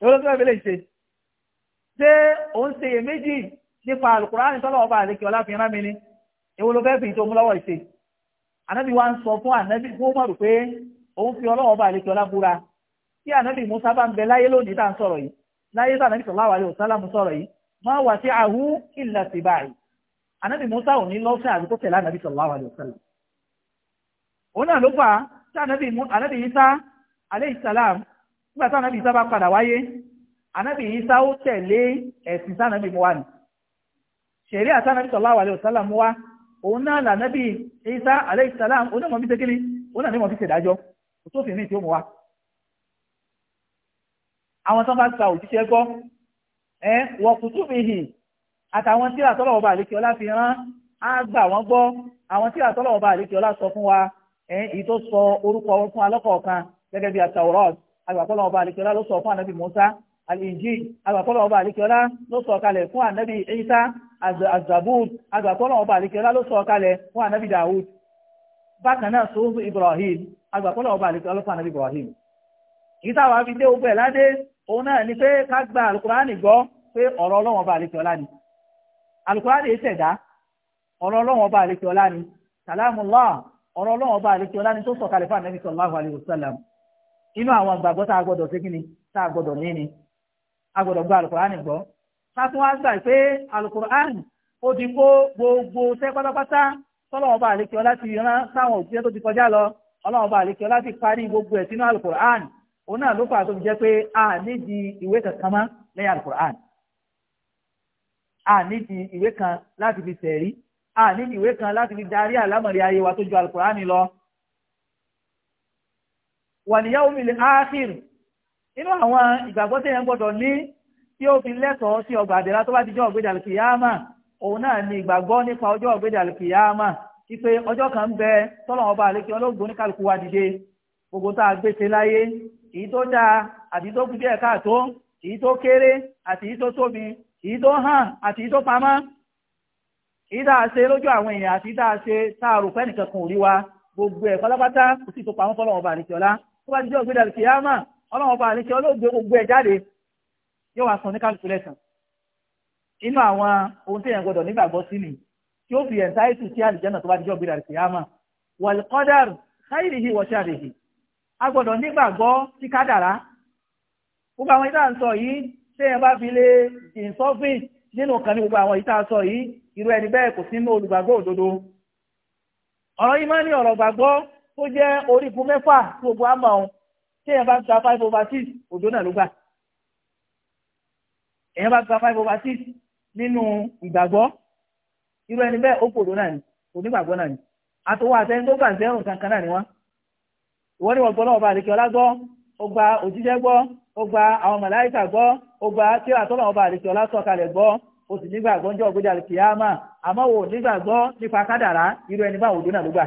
èwo ló fẹ́ lélẹ́yìn ṣe ṣé òun ṣe yè méjì nípa alukurani tọ́lọ̀ ọba àlekè ọlá fi rán mi ni èwo fi tó mú lọ́wọ́ ìṣe ànábì wa ń sọ fún ànábì fún umar pé òun fi ọlọ́wọ́ ọba àlekè ọlá búra tí ànábì musa bá ń bẹ láyé lónìí tá à ń sọ̀rọ̀ yìí láyé tá ma wasi'ahu illa tiba'i anabi musa ò ní lọ́sẹ̀ àbí tó tẹ̀lé anabi sallallahu alayhi wa sallam òun náà ló fà á tí anabi anabi isa alayhi salam nígbà tí anabi isa bá padà wáyé anabi isa ó tẹ̀lé ẹ̀sìn sanabi mu wa ni ṣẹ̀rí àti anabi sallallahu alayhi wa sallam mu wa òun náà lànàbí isa alayhi salam onímọ̀ fi tẹ́kílì òun náà ní mọ̀ fi ṣèdájọ́ òtófin mi tí ó mu wa àwọn tó bá sa òjíṣẹ́ gbọ́ wọ̀kùtùbìhì àtàwọn tíra tọ́lọ̀ ọba àlékè ọlá fi rán á gbà wọ́n gbọ́ àwọn tíra tọ́lọ̀ ọba àlékè ọlá sọ fún wa èyí tó sọ orúkọ wọn fún alọ́kọ̀ọ̀kan gẹ́gẹ́ bí atawrọ́t agbàkọ́lọ̀ ọba àlékè ọlá ló sọ fún ànábì Musa al-Injil agbàkọ́lọ̀ ọba àlékè ọlá ló sọ kalẹ̀ fún ànábì Isa azabud agbàkọ́lọ̀ ọba àlékè ọlá ló sọ kalẹ̀ fún ànábì Dawud bákan náà sọ́wọ́n Ibrahim agbàkọ́lọ̀ ọba àlékè ọlá fún ànábì Ibrahim ìtawà fi dé ogun ẹ̀ ládé òun náà ni pé ká gba alukurani gbọ́ pé ọ̀rọ̀ ọlọ́wọ́n ọba ni alukurani yìí tẹ̀dá ọ̀rọ̀ ọlọ́wọ́n ọba àlejò ọlá ni salamullah ọ̀rọ̀ ọlọ́wọ́n ọba àlejò ọlá ni tó sọ̀kalẹ̀ fún anabi sallallahu alayhi wa sallam inú àwọn gbàgbọ́ tá a gbọ́dọ̀ ṣe kíni tá a ní ni a gba alukurani gbọ́ wá gbà pé alukurani ó kó gbogbo sẹ́ pátápátá ọlá ti òun náà ló fà tó fi jẹ́ pé a nídìí ìwé kankan mọ́ lẹ́yìn alukur'an a nídìí ìwé kan láti fi tẹ̀rí a nídìí ìwé kan láti fi darí àlámọ̀rí ayé wa tó ju alukur'an lọ. wàníyàwó mi lè áàkìr inú àwọn ìgbàgbọ́ tẹ̀yẹ̀ gbọ́dọ̀ ní tí ó fi lẹ́tọ̀ọ́ sí ọgbà àdẹ̀rà tó bá ti jẹ́ ọ̀gbẹ́dà kìyàmà òun náà ni ìgbàgbọ́ nípa ọjọ́ ọ̀gbẹ́dà kìyàmà ipe ọjọ́ kan bẹ tọ́lọ́wọ́n bá ọlọ́gbọ́n ní wa dìde gbogbo tá a gbé láyé èyí tó dáa àti tó kù díẹ̀ káàtó èyí tó kéré àti èyí tó tóbi èyí tó hàn àti èyí tó pamọ́ èyí tá a ṣe lójú àwọn èèyàn àti tá a ṣe tá a rò pé nìkan kan ò rí wa gbogbo ẹ̀ pátápátá kò sí tó pamọ́ fọlọ́wọ́n bá àlejò ọlá tó bá ti jẹ́ ògbédà kìyàmà ọlọ́wọ́n bá àlejò ọlọ́gbé gbogbo ẹ̀ jáde yóò wá san ní kálukú lẹ́sàn inú àwọn ohun tí èèyàn gbọdọ̀ nígbàgbọ́ sí ni tí ó fi ẹ̀ńtáìtù sí àlìjẹ́nà tó bá ti jẹ́ ògbédà kìyàmà wal qadar khairihi wa sharrihi a gbọ́dọ̀ nígbàgbọ́ sí kádàrá gbogbo àwọn ìta ń sọ yìí ṣé ẹ bá fi lè ìsọ́fìn nínú kan ní gbogbo àwọn ìta sọ yìí irú ẹni bẹ́ẹ̀ kò sínú olùgbàgbọ́ òdodo ọ̀rọ̀ yìí máa ní ọ̀rọ̀ gbàgbọ́ tó jẹ́ orígun mẹ́fà tí gbogbo àmọ́ ọ̀hún tí èèyàn bá gba five over six òjò náà ló gbà èèyàn bá gba five over six nínú ìgbàgbọ́ irú ẹni bẹ́ẹ̀ ó kò òdó náà ní onígbàgbọ́ náà ní àtòwọ́ àtẹni tó gbà zero kankan náà ni wọ́n wọ́n ní wọ́n gbọ́ lọ́wọ́ bá àríkẹ́ ọlá gbọ́ ó gba òjíṣẹ́ gbọ́ ó gba àwọn màláìkà gbọ́ ó gba tí àtọ́lọ́wọ́ bá àríkẹ́ ọlá sọ̀kalẹ̀ gbọ́ ó sì nígbàgbọ́ ń jọ ògbéjà kìyàmà àmọ́ wò nígbàgbọ́ nípa kádàrá irú ẹni bá òdo náà ló gbà.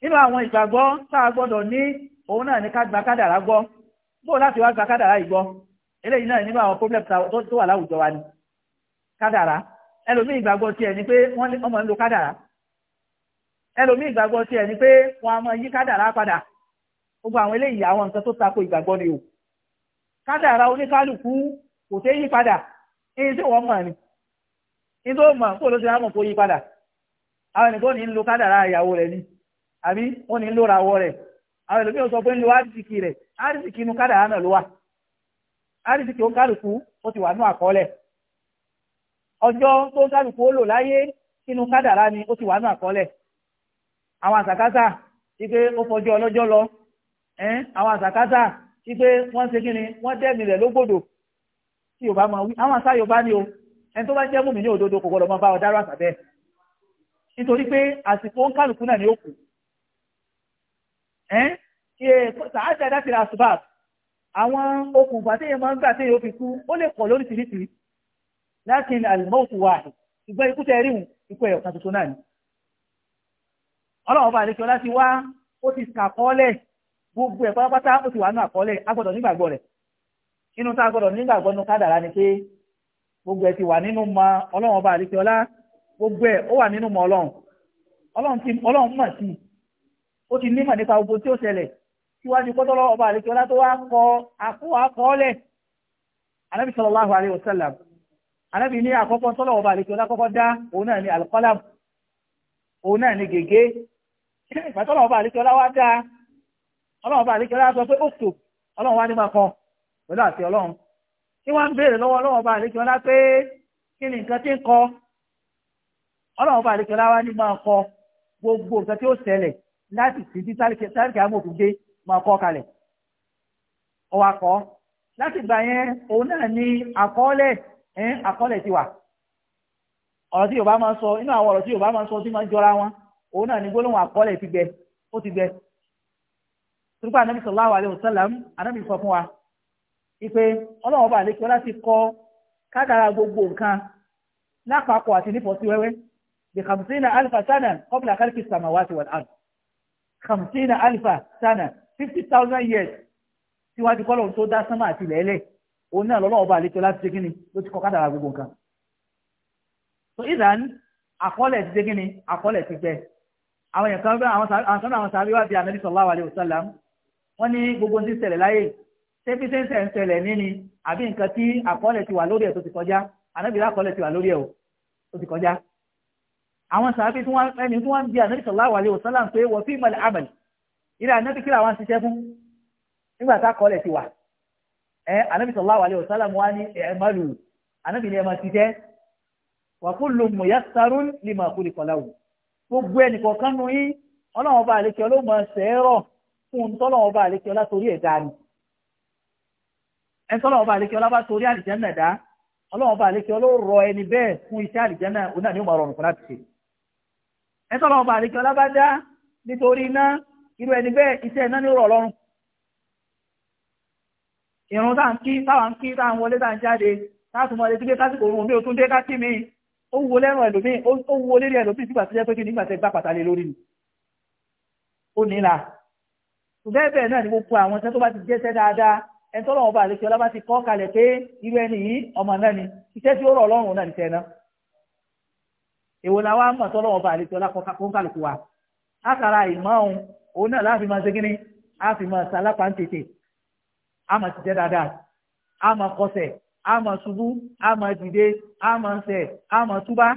nínú àwọn ìgbàgbọ́ tá a gbọ́dọ̀ ní òun náà ní ká gba kádàrá gbọ́ bó láti wá gba kádàrá yìí gbọ́ eléyìí náà nínú àwọn problem tó ẹlòmíì ìgbàgbọ́ tiẹ̀ ni pé wọ́n ọmọ ń lo kádàrá ẹlòmí ìgbàgbọ́ ti ẹ̀ ni pé wọn a mọ yí kádàrá padà gbogbo àwọn eléyìí àwọn nǹkan tó tako ìgbàgbọ́ ni o kádàrá oníkálukú kò tẹ́ yí padà èyí tí wọ́n mọ̀ ni ní tó mọ̀ kó ló ti rámọ̀ kó yí padà àwọn ènìyàn ní ń lo kádàrá ni àbí ní ń lo rawọ́ rẹ̀ àwọn n'i sọ pé ń lo árísìkì rẹ̀ árísìkì inú kádàrá náà ló wà ó ti wà ni ó ti wà àkọọ́lẹ̀ àwọn àsàkásà tí pé ó fọjọ́ ọlọ́jọ́ lọ àwọn àsàkásà tí pé wọ́n ṣe kí ni wọ́n dẹ́mi rẹ̀ lógbòdò tí yorùbá máa wí àwọn àṣà yorùbá ni o ẹni tó bá jẹ́ mùmí ní òdodo kò gbọdọ̀ máa bá ọ̀dá rà sàbẹ́ nítorí pé àsìkò ń kálukú náà ni ó kù sàájà dákìlá asubab àwọn okùnfà tí èèyàn máa ń gbà tí èèyàn fi kú ó lè pọ̀ lóríṣiríṣi lákin àlùmọ́ọ̀tù wà ṣùgbọ́n ikú tẹ́ ríhùn ikú ẹ̀yọ̀kan tuntun náà ni ọlọ́run bá àlékí ọlá ti wá ó ti kàkọ́ọ́lẹ̀ gbogbo ẹ̀ pátápátá ó ti wà nù àkọọ́lẹ̀ a gbọ́dọ̀ nígbàgbọ́ rẹ̀ inú tá a gbọ́dọ̀ nígbàgbọ́ nu kádàrá ni pé gbogbo ẹ̀ ti wà nínú mọ ọlọ́run bá àlékí ọlá gbogbo ẹ̀ ó wà nínú mọ ọlọ́run ọlọ́run mọ̀ sí i ó ti nímọ̀ nípa gbogbo tí ó ṣẹlẹ̀ síwájú kọ́tọ́lọ́ ọba àlejò ọlá tó wá kọ àkọọ́lẹ̀ anábì sallallahu alaihi wasallam anábì ní àkọ́kọ́ tọ́lọ́ ọba àlejò ọlá kọ́kọ́ dá òun náà ní alqalam òun náà ni gègé ìgbà tọ́lọ̀ ọba ọlọ́run ọba àríkẹ́ ọlá pé ọba kí ni nǹkan tí ń kọ ọba nígbà kọ gbogbo nǹkan tí ó ṣẹlẹ̀ láti sì bí sáríkẹ́ amófin dé máa kọ kalẹ̀ láti gbà yẹn òun náà ni àkọọ́lẹ̀ ọ̀rọ̀ tí yorùbá máa ń sọ inú àwọn ọ̀rọ̀ tí yorùbá máa ń sọ tí máa ń jọra wọn òun náà ni gbólóhùn àkọọ́lẹ̀ ti gbẹ ó ti gbẹ turupa anabi sallallahu alayhi wa sallam anabi sọ fún wa ipe ọlọ́run ọba àlekí ọlá ti kọ kádàrá gbogbo nǹkan lápapọ̀ àti nífọ̀sí wẹ́wẹ́ bí khamsina alifa sana qabla khalqi samawati wal ard khamsina alifa sana fifty thousand years tí wọ́n ti kọ́ lọ́run tó dá sánmà àti ilẹ̀ ẹlẹ̀ òun náà lọ́lọ́run ọba àlekí ọlá so ìdán àkọọ́lẹ̀ ti dé kíni àkọọ́lẹ̀ ti gbẹ àwọn èèyàn kan àwọn sọ́nà àwọn sàbí wà bí anabi sallallahu alaihi wasallam wọ́n ní gbogbo ti ṣẹlẹ̀ láyé ṣé bí sẹ́ńsẹ̀ ń ṣẹlẹ̀ ní ni àbí nǹkan tí àkọọ́lẹ̀ ti wà lórí ẹ̀ tó ti kọjá anabi lákọọ́lẹ̀ ti wà lórí ẹ̀ o tó ti kọjá àwọn sàbí tí wọ́n ẹni tí wọ́n bí anabi sallallahu alaihi wasallam pé wọ́n fi mọ̀lẹ́ àmàlì ilé anabi kí làwọn ṣiṣẹ́ fún nígbà tá àkọọ́lẹ̀ ti wà sallallahu alaihi wasallam wá ní ẹ̀ẹ́mọ́lù anabi ni ẹ̀ máa wa kullun muyassarun lima khuliqa lahu gbogbo ẹnìkọ̀ọ̀kan nu yín ọlọ́run ọba àlekẹ́ ló mọ sẹ́ẹ̀rọ̀ fún un tọ́lọ́run ọba àlekẹ́ ọlá torí ẹ̀dá ni ẹni tọ́lọ́run ọba àlekẹ́ ọlá bá torí àlìjẹ́nà dá ọlọ́run ọba àlekẹ́ ọlá rọ ẹni bẹ́ẹ̀ fún iṣẹ́ àlìjẹ́nà òun náà ni ó máa rọrùn fún láti ṣe ẹni tọ́lọ́run ọba àlekẹ́ ọlá bá dá nítorí iná irú ẹni bẹ́ẹ̀ iṣẹ́ iná ni ó rọ̀ lọ́rùn ìrun táwọn kí táwọn wọlé táwọn jáde táwọn tún mọ ó wo lẹ́rùn ẹlòmí ó wo lérí ẹlòmí sígbà tó jẹ́ pé kí nígbà tẹ́ gbá pàtàlẹ́ lórí ni ó nílà bẹ́ẹ̀ bẹ́ẹ̀ náà ni gbogbo àwọn iṣẹ́ tó bá ti jẹ́ṣẹ́ dáadáa ẹni tó lọ́wọ́ bá lè fi ọlá bá ti kọ́ kalẹ̀ pé irú ẹni yìí ọmọ náà ni iṣẹ́ tí ó rọ̀ lọ́rùn náà nìṣẹ́ náà èwo la wá mọ̀ tó lọ́wọ́ bá lè fi ọlá kọ́ kálukú wa látara ìmọ̀ òun òun náà láàfin máa ṣe kíní àfin máa ṣàlápàá ń tètè á máa ṣiṣẹ́ dáadáa á kọsẹ̀ a máa ṣubú a máa dìde a máa ṣẹ̀ a máa túbá.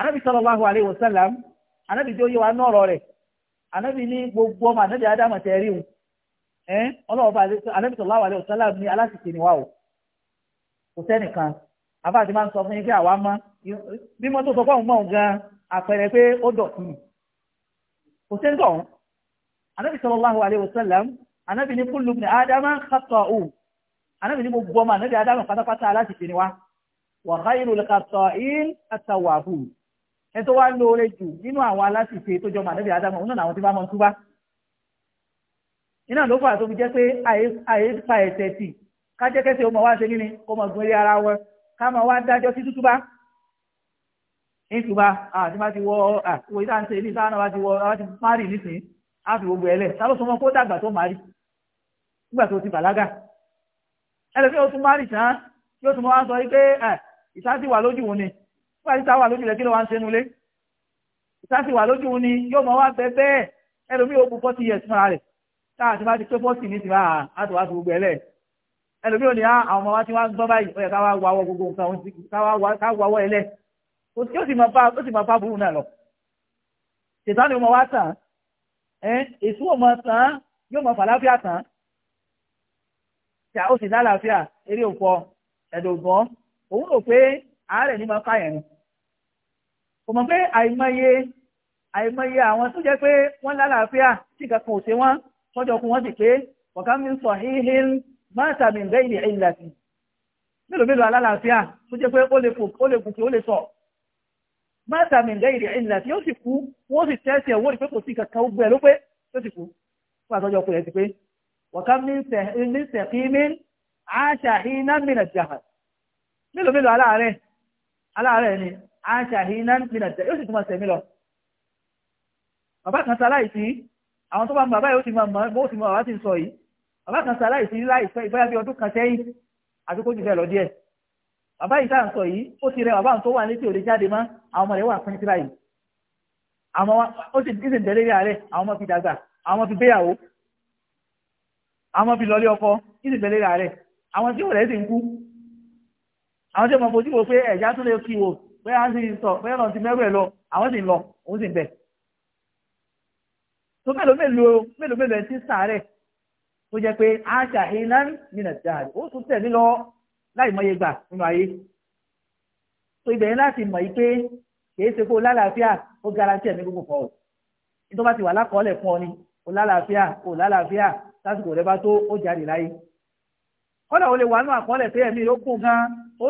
anábì sallallahu alayhi wa sallam anábì tí ó yé wa náà rọ rẹ̀ anábì ní gbogbo ọmọ anábì ádámà tẹ̀ rí o ọlọ́ọ̀bá anábì sallallahu alayhi wa sallam ní aláṣìṣe ni wà o kò sẹ́nìkan àbá àti máa ń sọ fún yín pé àwa mọ́ bí mọ́tò sọ fún ọ̀hún gan àpẹẹrẹ pé ó dọ̀tí kò sẹ́ńtọ̀ ọ̀hún anábì sallallahu alayhi sallam anábì ní kúlù ní ádámà kàtọ̀ ò anábì ní gbogbo ọmọ anábì ádámà pátápátá láti fi ni wá wà káyìrò kàtọ̀ ìl àtàwàhù ẹ tó wá lóore jù nínú àwọn aláṣìṣe tó jọmọ anábì ádámà òun náà àwọn tí bá mọ túbá iná ló fà tó fi jẹ́ pé àyè fa ẹ̀sẹ̀ tì ká jẹ́ kẹ́sẹ̀ ó mọ̀ wá ṣe kí ni ó mọ̀ gun eré ara wọn ká mọ̀ wá dájọ́ sí tútúbá ìtùbá àti máa ti wọ àwọ̀ ìtànṣe ní sáà náà wá ti wọ àwọn ti máa rì nísìnyí á fi gbogbo ẹlẹ̀ sálọ́sọmọ kó dàgbà tó máa rì nígbà tó ti bàlágà ẹlẹ́fẹ́ ó tún márì tán yóò tún mọ́ wá sọ wípé ìsáàsì wà lójú òun ni nígbà tí táwà lójú rẹ̀ kí ló wá ń ṣe nulé ìsáàsì wà lójú òun ni yóò mọ́ wá bẹ bẹ́ẹ̀ ẹlòmí ó bu fọ́tì yẹ̀ fúnra rẹ̀ táà ti bá ti pé fọ́tì ní ti máa àtọ̀wá ti gbogbo ẹlẹ́ ẹlòmí ò ní àwọn ọmọ wa ti wá ń gbọ́ báyìí ó yẹ ká wá wọ gbogbo nǹkan ká wá wọ ẹlẹ́ ó sì máa bá burú náà lọ ṣètàn ni tí a ó sì lálàáfíà eré òpó ẹ̀dọ̀ ògbọ́n òun rò pé àárẹ̀ ní máa káyẹ̀ ni kò mọ̀ pé àìmọye àìmọye àwọn tó jẹ́ pé wọ́n lálàáfíà tí kankan ò ṣe wọ́n tọ́jọ́ kún wọ́n sì pé ọ̀gá mi ń sọ híhín máa tàbí ìgbẹ́ ilẹ̀ ilẹ̀ sí mélòó mélòó alálàáfíà tó jẹ́ pé ó lè gùnkè ó lè sọ máa tàbí ìgbẹ́ ilẹ̀ ilẹ̀ sí ó sì kú wọ́n sì tẹ́sí ẹ̀wọ́ ìpé kò sí kankan ó gbẹ ló pé tó sì kú fún àtọ́jọ́ kò yẹ ti pé وكم من سقيم عاش حينا من الجهل mélòó mélòó على عليه ni aṣa hinan من الجهل sì tún máa sẹ̀mí lọ bàbá kan ṣaláìsí àwọn tó bá mọ bàbá yóò ti máa mọ ó ti mọ bàbá ti ń sọ yìí bàbá kan ṣaláìsí láìpẹ́ ìbáyà bí ọdún kan sẹ́yìn àti kó jù bẹ́ẹ̀ lọ díẹ̀ bàbá yìí tá à ń sọ yìí ó ti rẹ bàbá àwọn tó wà létí òde jáde mọ́ àwọn ọmọ rẹ̀ wà fún tíra yìí àwọn ó sì ń tẹ̀lé rí àárẹ̀ àwọn ọmọ fi dàgbà àwọn ọmọ fi gbéyàwó àwọn ọmọ fi lọlé ọkọ kí sì tẹ̀lé rẹ̀ àwọn tí ó rẹ̀ sì ń kú àwọn tí ó mọ̀ fojú wo pé ẹ̀já tún lè kí wo bẹ́ẹ̀ á sì sọ bẹ́ẹ̀ lọ sí mẹ́rù ẹ̀ lọ àwọn sì ń lọ òun sì ń bẹ̀. tó mélòó mélòó mélòó mélòó ẹ ti sàárẹ̀ tó jẹ́ pé àṣà iná nínà jáde ó tún tẹ̀lé lọ láì mọye gbà nínú ayé tó ibẹ̀ yẹn o lálàáfíà ó garanti ẹ̀mí gbogbo fọ́ o nítorí wọ́n ti wà lákọọ́lẹ̀ fún ọ ni o lálàáfíà o lásìkò rẹ̀ bá tó ó jáde láyé kọ́dà ó lè wà nínú àkọọ́lẹ̀ pé ẹ̀mí ló kún gan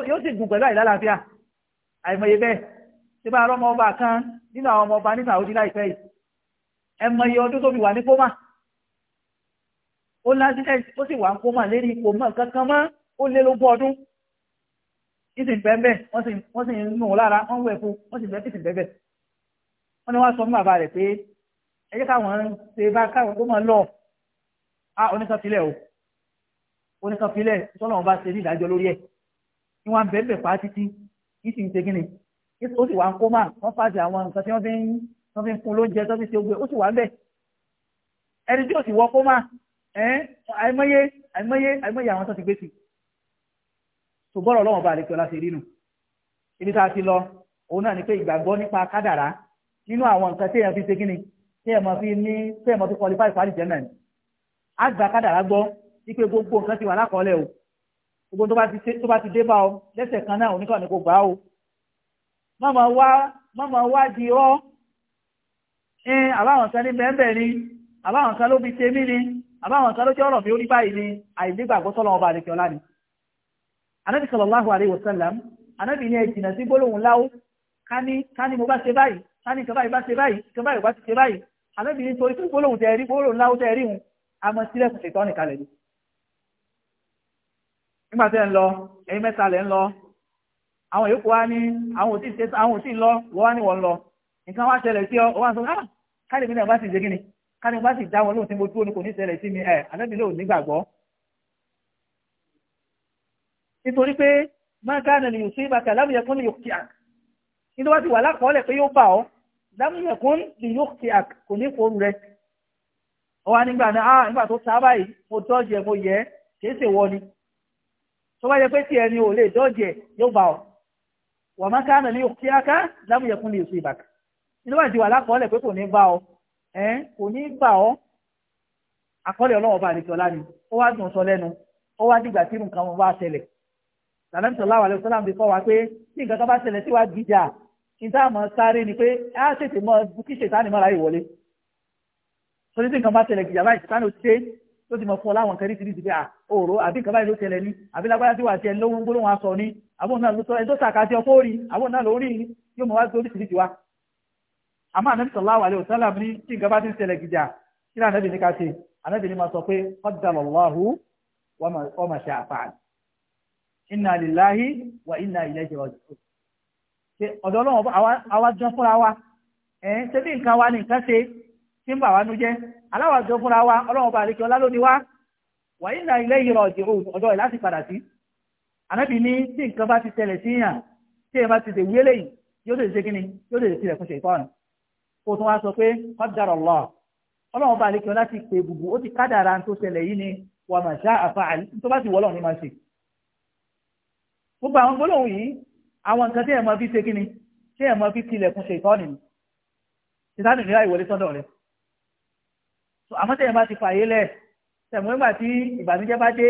yóò sì gùn pẹ̀lú àìlálàáfíà àìmọye bẹ́ẹ̀ tí bá rọ́mọ ọba kan nínú àwọn ọmọ ọba nínú àwọn òdí láìpẹ́ yìí ẹ̀mọye ọdún tó fi wà ní kómà ó lásìlẹ̀sì ó sì wà ń kómà lérí ipò mọ́ kankan mọ́ ó lé lógún ọdún ìsìn bẹ́ẹ̀ wọ́n sì ń nù lára wọ́n wẹ̀ fún wọ́n sì bẹ́ẹ̀ sì bẹ́ẹ̀ wọ́n ni wọ́n sọ fún bàbá rẹ̀ pé ẹ jẹ́ káwọn ṣe bá káwọn tó máa lọ́ọ̀ ah oníkàfilẹ̀ o oníkàfilẹ̀ sọ́lọ́wọ́n bá ṣe ní ìdájọ́ lórí ẹ̀ ní wọ́n bẹ̀ẹ́ bẹ̀ẹ́ pa títí ní sì ń ṣe kíni ó sì wà ń kó mà wọ́n fàṣẹ àwọn nǹkan tí wọ́n fi ń wọ́n fi ń fún lóúnjẹ tó fi ṣe ogun ó sì wà ń bẹ̀ ẹni tí ó sì wọ kó mà ẹ́ àìmọye àìmọye àìmọye àwọn tó ti gbé sí tó bọ́rọ̀ lọ́wọ́n bá àlejò láti rí nù ibi tá a ti lọ òun náà ni pé ìgbàgbọ́ nípa kádàrá nínú àwọn nǹkan tí èèyàn fi ṣe kíni tí èèyàn fi ní tí èèyàn fi qualify fún àlìjẹ́ náà àgbà kádàrá gbọ́ wípé gbogbo nǹkan ti wà lákọọ́lẹ̀ o gbogbo tó bá ti dé bá ọ lẹ́sẹ̀ kan náà oníkànnì kò gbà o mọ̀mọ́ wá mọ̀mọ́ wá di ọ́ ẹ àbáwọn kan ní bẹ́ẹ̀ ni àbáwọn kan ló fi ṣe mí ni àbáwọn kan ló jẹ́ ọ̀rọ̀ mi ó rí báyìí ni àìnígbàgbọ́ sọ́lọ́ ọba àdékẹ́ ọlá ni anábì sallallahu alaihi wasallam anábì ní ẹ̀jìnà sí gbólóhùn láwó ká ní ká ní mo bá ṣe báyìí ká ní kẹbáyìí bá ṣe báyìí kẹbáyìí bá ṣe báyìí anábì ní torí fún gbólóhùn tẹ̀rí gbólóhùn láwó tẹ̀rí hùn àmọ́ sílẹ̀kùn ṣètọ́ nìkan lẹ̀ ni nígbà tẹ́ ń lọ ẹ̀yin mẹ́ta lẹ̀ ń lọ àwọn yòókù wá ní àwọn òtí ṣe àwọn òtí ń lọ wọ́n wá ní wọ́n lọ nǹkan wá ṣẹlẹ̀ sí ọ wá sọ ah káàdì mi náà bá sì ṣe kí ni káàdì mi bá sì dá wọn lóhùn tí mo dúró ni kò ní ṣẹlẹ̀ sí mi ẹ̀ àlẹ́ mi lóhùn nígbàgbọ́ nítorí pé máa ká nà yóò bà wá nígbà náà ah, nígbà tó sábà yìí mo dọ́ọ̀jì ẹ̀ mo yẹ ẹ́ kìí ṣe wọ ni tó bá yẹ pé tí ẹni ò lè dọ́ọ̀jì ẹ̀ yóò bá ọ wà má ká nà ní òkè aká lámúyẹkùn lè ṣe ìbàkà inú bá ti wà lákọọ́lẹ̀ pé kò ní bá ọ ẹ̀ kò ní bá ọ àkọọ́lẹ̀ ọlọ́wọ́ bá àdìsọ́lá ni ó wá dùn sọ lẹ́nu ó wá dìgbà tí nǹkan wọn bá ṣẹlẹ̀ sàlẹ̀ sọ̀lá wà lẹ́sọ̀ láàmì kọ́ wa pé tí nǹkan bá ṣẹlẹ̀ sí wa gíjà níta mọ̀ sáré ni pé á ah, tètè mọ kí ṣètánì mọ́ra torí tí nǹkan bá tẹ̀lẹ̀ kìjà báyìí sánú ṣe ló ti mọ̀ fún ọ láwọn nǹkan ríṣiríṣi ti pé à òòrò àbí nǹkan báyìí ló tẹ̀lẹ̀ ní àbí lágbára tí wà tiẹ̀ lóhun gbólóhùn aṣọ ní àbóhùn náà ló sọ ẹni tó sàkà sí ọkọ orí àbóhùn náà lórí yóò mọ̀ wá sí oríṣiríṣi wa. àmọ́ ànábì sallallahu alaihi wasallam ní tí nǹkan bá ti ń tẹ̀lẹ̀ kìjà kí náà ànábì ní ká ṣe ànábì ní máa sọ pé qaddarallahu wa ma sha'a fa'al inna lillahi wa inna ilayhi ọ̀dọ́ ọlọ́run àwa fúnra wa ẹ̀ ń ṣe bí nǹkan wa ní nǹkan ṣe tí ń bà wá nú jẹ́ aláwàjọ fúnra wa ọlọ́run bá àríkẹ́ ọlá lónìí wá wàyí náà ilé ìrọ̀ ìdìrò ọjọ́ ìláti padà sí ànábì ní tí nǹkan bá ti tẹ̀lẹ̀ sí yàn tí èèyàn bá ti tẹ̀ wílé yóò lè ṣe kíni yóò lè tilẹ̀ ṣe ìtọ́run kó tún wá sọ pé kọ́dàrọ̀ lọ ọlọ́run bá àríkẹ́ ọlá pè gbùgbù ó ti kádàrà tó ṣẹlẹ̀ yìí ni wà mà ṣá àfa àlí tó bá ti wọ́lọ́ ní máa ṣe gbogbo àwọn gbólóhùn yìí àwọn ni ìtàn ìrírá ìwọlé àmọ́ tẹ̀yìn bá ti fààyè lẹ̀ tẹ̀mọ́ ìgbà tí ìbànújẹ́ bá dé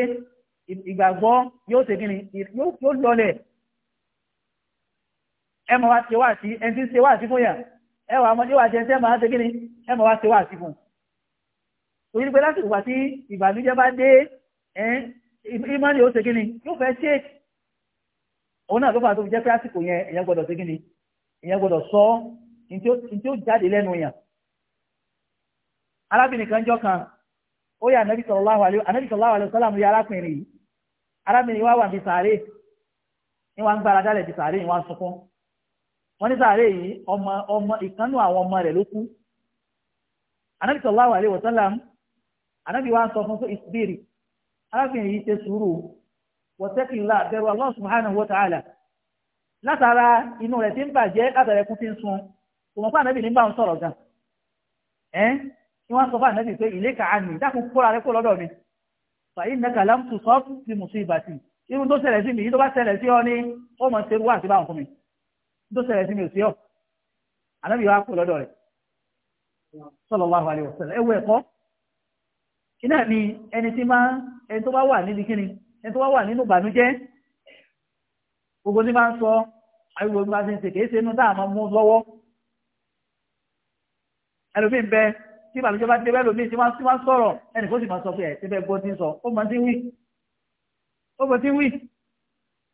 ìgbàgbọ́ yóò ṣe kíni yóò lọlẹ̀ ẹ mọ̀ wá ṣe wá sí ẹni tí ń ṣe wá sí fún yàn ẹ wà mọ́ yóò wá ṣe ẹ máa ṣe kíni ẹ mọ̀ wá ṣe wá sí fún. òyìnbó pé láti ìgbà tí ìbànújẹ́ bá dé ìmọ̀lẹ̀ ó ṣe kíni yóò fẹ́ ṣe òun náà ló fà tó fi jẹ́ pé àsìkò yẹn èèyàn gbọ́dọ̀ ṣe kíni èèyàn gbọ́dọ̀ sọ ní tí ó jáde lẹ́nu yàn arábìnrin kan jọ kan ó yà ànábì sallallahu alaihi wasallam yà arákùnrin yìí arábìnrin wá wà ní sàárè ní wọ́n ń gbára dálẹ̀ di sàárè wọ́n sunkún wọ́n ní sàárè yìí ọmọ ọmọ ìkànnù àwọn ọmọ rẹ̀ ló kú ànábì sallallahu alaihi wasallam wa sọ fún ìsbírì arábìnrin yìí ṣe sùúrù wọ́tẹ́kìlá bẹ̀rù Allah ni wọ́n sọ fún ànábì pé ilé kàá nì dákun kóra rẹ kó lọ́dọ̀ mi fàyí nẹ́ka lámùtù sọ́ọ̀tù ti mùsù ìbàtì irú tó ṣẹlẹ̀ sí mi yìí tó bá ṣẹlẹ̀ sí ọ ní ó mọ̀ ṣe wá àti báwọn fún mi tó ṣẹlẹ̀ sí mi ò sí ọ ànábì wa kó lọ́dọ̀ rẹ̀ sallallahu alaihi wasallam ẹwọ ẹ̀kọ́ iná ni ẹni tí máa ẹni tó bá wà níbi kíni ẹni tó bá wà nínú ìbànújẹ́ gbogbo tí máa ń sọ àyùwò bí wọ́n ń ṣe kèé inú táà máa mú lọ́wọ́ ẹlòmíín bẹ́ẹ̀ tí ìbànújẹ́ bá dé bẹ́ẹ̀ lómi tí wọ́n sọ̀rọ̀ ẹnì kó sì máa sọ pé ẹ̀ síbẹ̀ gbọ́ ti ń sọ ó mọ tí ń wí ó mọ tí ń wí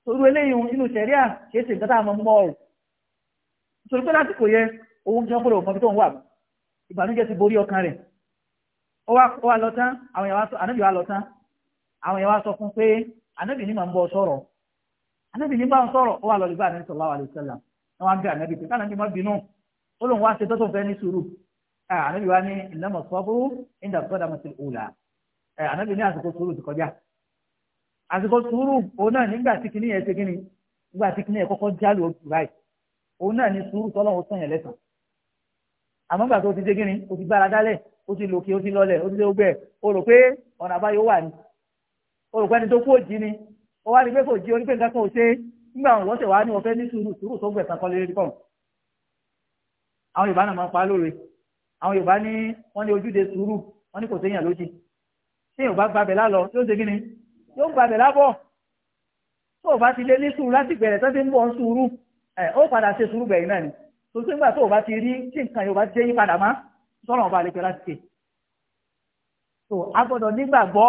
torú eléyìí inú sẹ̀ríà kìí ṣe nǹkan tá a mọ mọ́ ọ̀rọ̀ nítorí pé lásìkò yẹn òun jẹ́ kúrò mọ́bí tó ń wà ìbànújẹ́ ti borí ọkàn rẹ̀ ó wá lọ tán àwọn ànábì wá lọ tán àwọn èèyàn wá sọ fún pé ànábì ní màá ń bọ̀ sọ̀rọ̀ ànábì ní sallallahu alaihi wasallam wọn wá ń bẹ ànábì pé káànábì má bínú ó lóun ànábì wa ní ìnáwó sọ́bù ìdá sọ́dà mọ́tì òòlà ànábì ní àsìkò sùúrù ti kọjá àsìkò sùúrù òun náà nígbà tí kìíní yẹn ṣe kíni nígbà tí kìíní yẹn kọ́kọ́ jálù oṣù báyìí òun náà ní sùúrù tọ́lọ́wọ́ sàn yẹn lẹ́sàn àmọ́ gbà tó ti ṣe kíni o ti gbára dálẹ̀ o ti lòkè o ti lọlẹ̀ o ti lé ogbẹ́ o rò pé ọ̀nà àbáyọ wà ní o rò pé ẹni tó kú òjì ni o wá rí pé kò jí o rí pé nǹkan kan ò ṣe nígbà àwọn ọ̀sẹ̀ wa ni wọ́n fẹ́ ní sùúrù sùúrù tó gbẹ̀sán kọ́lé rí kọ́ àwọn Yorùbá náà máa ń pa lóore àwọn yorùbá ní wọ́n ní ojúde sùúrù wọ́n ní kò séyàn lójì tí yorùbá gbàbẹ̀ lálọ yóò ṣe kí ni yóò gbàbẹ̀ lábọ̀ tó o bá ti lé ní sùúrù láti bẹ̀rẹ̀ tó ti ń bọ̀ ń sùúrù ẹ̀ ó padà ṣe sùúrù bẹ̀rẹ̀ náà ni tó ṣe nígbà tó o bá ti rí tí nǹkan yorùbá ti dé yí padà má sọ̀rọ̀ ọba àlejò láti ṣe tó a gbọ́dọ̀ nígbàgbọ́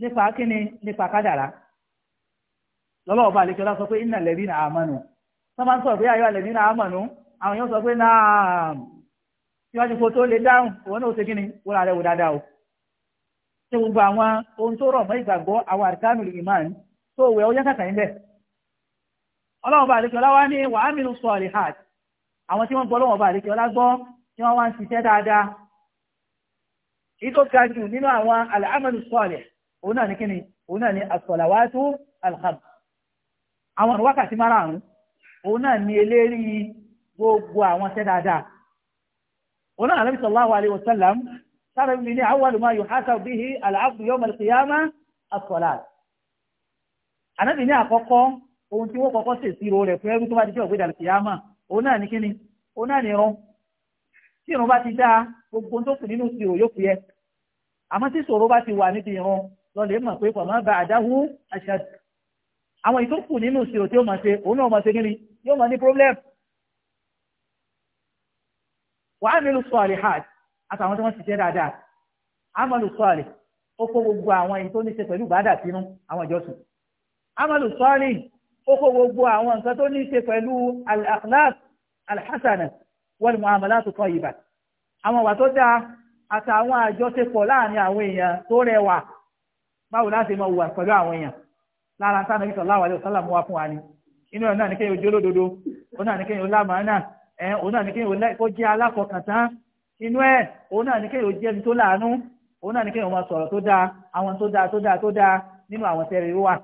nípa kí ni nípa kádàrá lọ́lọ́ ọba àlejò láti sọ pé innal ladina amanu tó máa ń sọ pé ayọ́ àlẹ́bí náà àmọ́nù àwọn yóò sọ pé náà níwájú kó tó lè dáhùn òun náà ó ṣe kíni wọ́n rà rẹ̀ wò dáadáa o. ṣé gbogbo àwọn ohun tó rọ̀ mọ́ ìgbàgbọ́ àwọn àrìkánù ìmáà tó wẹ̀ ó yá kàkà níbẹ̀. ọlọ́run bá àdékọ́lá wá ní wa aminu salihat àwọn tí wọ́n gbọ́ lọ́wọ́ bá àdékọ́lá gbọ́ tí wọ́n wá ń ṣiṣẹ́ dáadáa. ìtò ga jù nínú àwọn al-amalu salih òun náà ní kíni òun náà ní as-salawatu àwọn wákàtí márààrún òun náà ní eléyìí gbogbo àwọn ṣẹ́ dáadáa هنا النبي صلى الله عليه وسلم قال من أول ما يحاسب به العبد يوم القيامة الصلاة أنا بني أقوى وانت هو قوى سيسيرو لك فيها كنت ما تشوف بيد القيامة هنا نكني هنا نيرو tí ìrun bá ti dáa gbogbo tó kù nínú ìrò yóò fi ẹ àmọ́ tí ìṣòro bá ti wà níbi ìrun lọlẹ mọ̀ pé kò má ba àdáhù àṣà àwọn ìtókù nínú ìṣirò tí ó máa ṣe òun náà máa ṣe kí ni yóò máa ní problem wa mẹ́lú sọ̀rì hard àtàwọn tí wọ́n ti jẹ́ dáadáa amalu sọ̀rì ó kó gbogbo àwọn èyí tó ní ṣe pẹ̀lú bàdà sínú àwọn amalu sọ̀rì ó kó gbogbo àwọn nǹkan tó ní ṣe pẹ̀lú al-akhlaq al-hasana wal muamalat at-tayyiba àwọn wà tó àtàwọn àjọṣepọ̀ láàrin àwọn èèyàn tó rẹwà báwo láti mọ wà pẹ̀lú àwọn èèyàn lára ẹ̀ òun náà ní kéèyàn kó jẹ́ aláfọkàntán inú ẹ̀ òun náà ní kéèyàn jẹ́ ẹni tó láàánú òun náà ní kéèyàn máa sọ̀rọ̀ tó dáa àwọn tó dáa tó dáa tó dáa nínú àwọn tẹ́rẹ̀ wà.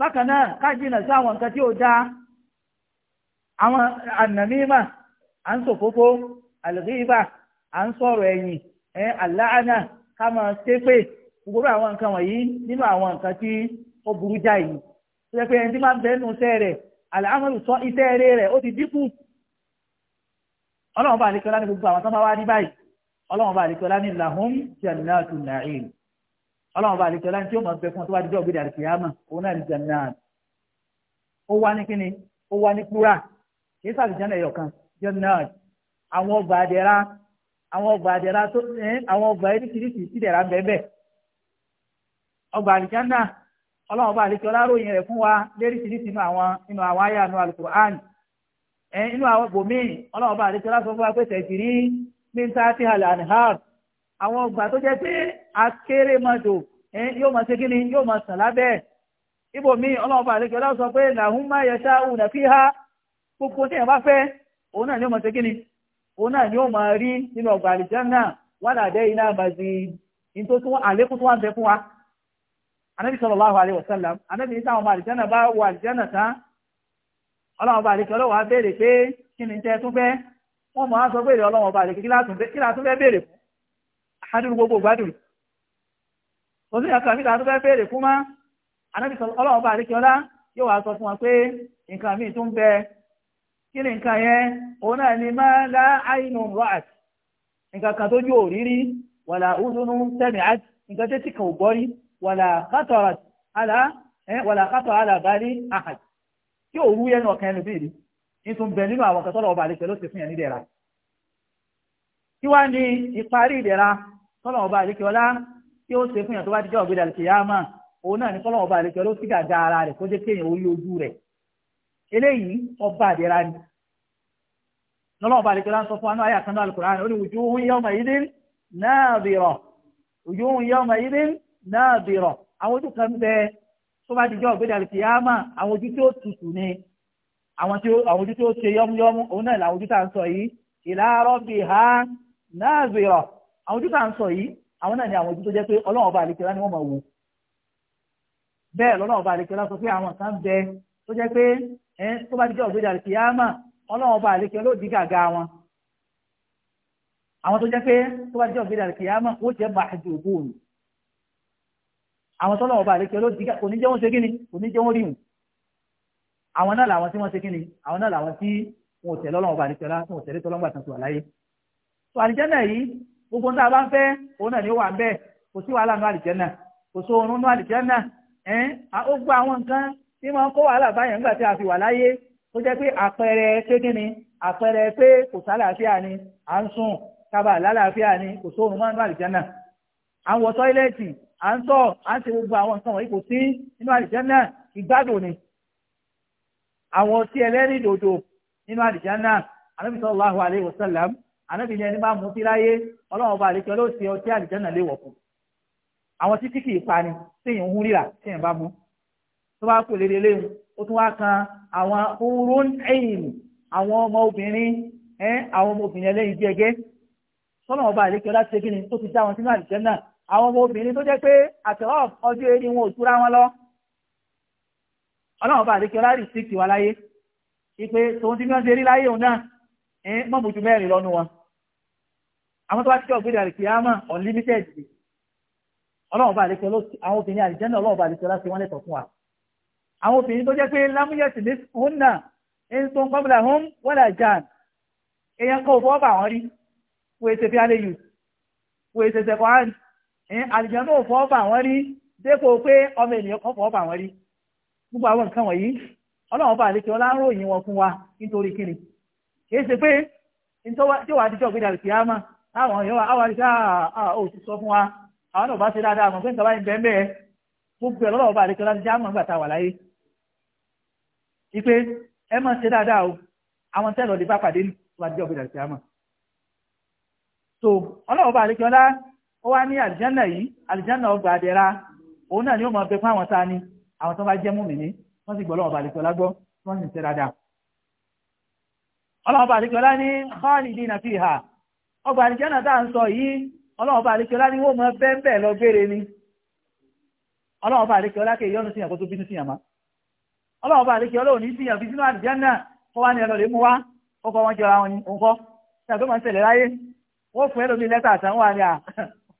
bákan náà kájínà sí àwọn nǹkan tí ó dáa àwọn ànàmímà à ń sòfófó àlùkíyìbà à ń sọ̀rọ̀ ẹ̀yìn ẹ̀ àláàánà ká máa gbogbo àwọn nǹkan wọ̀nyí nínú àwọn nǹkan tí ó burú jáì tó yẹ pé ẹni tí máa ń bẹ́ẹ̀ nù ọlọ́run bá àlekọ́lá ní gbogbo àwọn tó bá wá rí báyìí ọlọ́run bá àlekọ́lá ní lahum jannatu na'im ọlọ́run bá àlekọ́lá ní tí ó máa bẹ fún ọ tó wá dídọ́ ògbédè àlùkìyàmà òun náà ní jannat ó wá ní kíni ó wá ní kúrà kìí sáà jẹ́nà ẹ̀yọ̀ kan jannat àwọn ọgbà àdẹ̀rà àwọn ọgbà àdẹ̀rà tó ẹ̀ àwọn ọgbà eríṣiríṣi sí dẹ̀ra bẹ́ẹ̀ ọgbà àlekọ́lá ròyìn rẹ̀ fún wa léríṣiríṣi ẹ inú àwọn bòmíì ọlọ́run bá ala lásán fún wa pé tẹ̀sírí ní tààtì àlẹ́ àníhàr àwọn ọgbà tó jẹ́ pé akéré mọ́tò yóò máa ṣe ni yóò máa sàn lábẹ́ ibòmíì ọlọ́run bá àdéṣe lásán pé làhùn máa yẹ ṣá òun fi ha gbogbo tí bá fẹ́ òun náà ni ó máa ṣe ni òun náà ni rí nínú ọgbà wà ládẹ́ iná àlékún tó wà ń ọlọ́run bá àlekè ọlọ́wọ́ á béèrè pé kí ni tẹ́ tún fẹ́ wọ́n mọ̀ á sọ pé ọlọ́run bá àlekè kí látún fẹ́ béèrè fún àádùn gbogbo gbádùn kò sí nǹkan mi látún fẹ́ béèrè fún má anábì sọ ọlọ́run bá àlekè ọlá yóò wá sọ fún wọn pé nǹkan mi tún bẹ kí ni nǹkan yẹn òun náà ni má lá àìnù rọ́àt nǹkan kan tójú òrírí wàlà údúnú tẹ̀mí àt nǹkan tẹ́tí kan ò gbọ́rí wàlà kátọ̀rọ̀ àlà àhàjì tí ò rú yẹnu ọ̀kan ẹnu bíi ní tó ń bẹ nínú àwọn kẹtọ́lọ̀ ọba àlejò ló ti fún yẹn nídẹ̀ra kí wá ní ìparí ìdẹ̀ra tọ́lọ̀ ọba àlejò ọlá tí ó ṣe fún yẹn tó bá dijọ́ ọ̀gbẹ́dà kìyàmá òun náà ní tọ́lọ̀ ọba àlejò ló ti gàga ara rẹ̀ kó jẹ́ kéèyàn orí ojú rẹ̀ eléyìí ọba àdẹ̀ra ni tọ́lọ̀ ọba àlejò ọlá ń sọ fún anú àyà kan náà Al-Qur'an ó ní wujuhun yawma idhin nadira wujuhun yawma idhin nadira àwọn ojú kan bẹ́ẹ̀ tó bá dijọ́ ògbé dàrú kìyàmà àwọn ojú tí ó tutù ni àwọn ojú tí ó ṣe yọ́múyọ́mú òun náà làwọn ojú tá à ń sọ yìí ìlà rabbiha nazira àwọn ojú tá à ń sọ yìí àwọn náà ni àwọn ojú tó jẹ́ pé ọlọ́run ọba àlekèrè ni wọ́n máa wò bẹ́ẹ̀ lọ́lọ́run ọba àlekèrè sọ pé àwọn kan bẹ tó jẹ́ pé tó bá dijọ́ ògbé dàrú kìyàmà ọlọ́run ọba àlekèrè ló di gàgà wọn àwọn tó jẹ́ pé tó bá dijọ́ ògbé dàrú kìyàmà ó jẹ́ àwọn tọ́lọ̀ ọba àlékẹ́ ló ti kò ní jẹ́ wọ́n ṣe kí ni kò ní jẹ́ wọ́n rí hùn àwọn náà làwọn tí wọ́n ṣe kí ni àwọn náà làwọn tí wọn tẹ̀lé ọlọ́run ọba àlékẹ́ lá tí tẹ̀lé tọ́lọ́ngbà tuntun àláyé. tó àlìjẹ́nà yìí gbogbo ń tá a bá ń fẹ́ òun náà ni ó wà ń bẹ́ẹ̀ kò sí wàhálà nù àlìjẹ́nà kò sí oorun nù àlìjẹ́nà ẹ̀ ó gba àwọn nǹkan tí máa ń kó wàhálà báyẹn nígbà tí a fi wà láyé tó jẹ́ pé àpẹẹrẹ pé kí ni àpẹẹrẹ pé kò sálàáfíà ni à ń sùn kábà lálàáfíà ni kò sóorun mọ́ nù àlìjẹ́nà à ń tọ́ílẹ̀tì à ń sọ à ń ṣe gbogbo àwọn nǹkan wọ̀nyí kò sí nínú àlìjánà ìgbádùn ni àwọn ọtí ẹlẹ́rìí dòdò nínú àlìjánà anábì sallallahu alaihi wasallam anábì ní ẹni bá mú sí láyé ọlọ́run ọba àlejò ló ṣe ọtí àlìjánà léwọ̀ fún àwọn títí kì í pani téèyàn ń hún rírà téèyàn bá mú tó bá kú lédè léwu ó tún wá kan àwọn oorun ẹ̀yìn àwọn ọmọ obìnrin ẹ àwọn ọmọ obìnrin ẹlẹ́yin jẹ́gẹ́ sọ́nà ọba àlejò láti ṣe kí ni tó ti dá wọn sínú àlìjánà àwọn ọmọ obìnrin tó jẹ́ pé àtẹ̀wọ́ ọjọ́ eré wọn ò túra wọn lọ ọlọ́run bá àdékẹ́ ọlá rìsíkì wa láyé ipe tòun tí wọ́n ṣe rí láyé òun náà ẹ̀ mọ̀bùjú mẹ́rin lọ́nu wọn àwọn tó bá tíjọ́ ògbédè àlìkìyàmọ̀ unlimited ọlọ́run bá àdékẹ́ àwọn obìnrin àlìjẹ́nà ọlọ́run bá àdékẹ́ ọlá ṣe wọ́n lẹ́tọ̀ fún wa àwọn obìnrin tó jẹ́ pé lámúyẹ̀sì ní òun náà ń e ò fọ́ wọ́n rí dépò pé ọmọ ènìyàn kan wọ́n rí gbogbo àwọn nǹkan wọ̀nyí bá ọlá ń ròyìn wọn fún wa nítorí kìí pé tí wa àwọn náà bá ṣe dáadáa mọ̀ pé nǹkan báyìí bẹ́ẹ̀ a o ó wá ní àlìjánà yìí àlìjánà ọgbà àdẹ̀ra òun náà ni ó máa bẹ fún àwọn tá a ní àwọn tó bá jẹ́ mùmínì wọ́n sì gbọ́ lọ́wọ́ balẹ̀kọ́lá gbọ́ wọ́n sì ń ṣe dáadáa. ọlọ́wọ́ balẹ̀kọ́lá ní khalidina fiha ọgbà àlìjánà tá à ń sọ yìí ọlọ́wọ́ balẹ̀kọ́lá ní wọ́n máa bẹ́ẹ̀ lọ gbére ni ọlọ́wọ́ balẹ̀kọ́lá kè yọ́nu síyàn kó tó bínú síyàn má ọlọ́wọ́ balẹ̀kọ́lá ò ní síyàn fi sínú àlìjánà kọ́ wá ní ẹlọ́lẹ̀ mú wá ó kọ́ wọ́n jọra wọn ní òǹkọ́ ṣàgbọ́n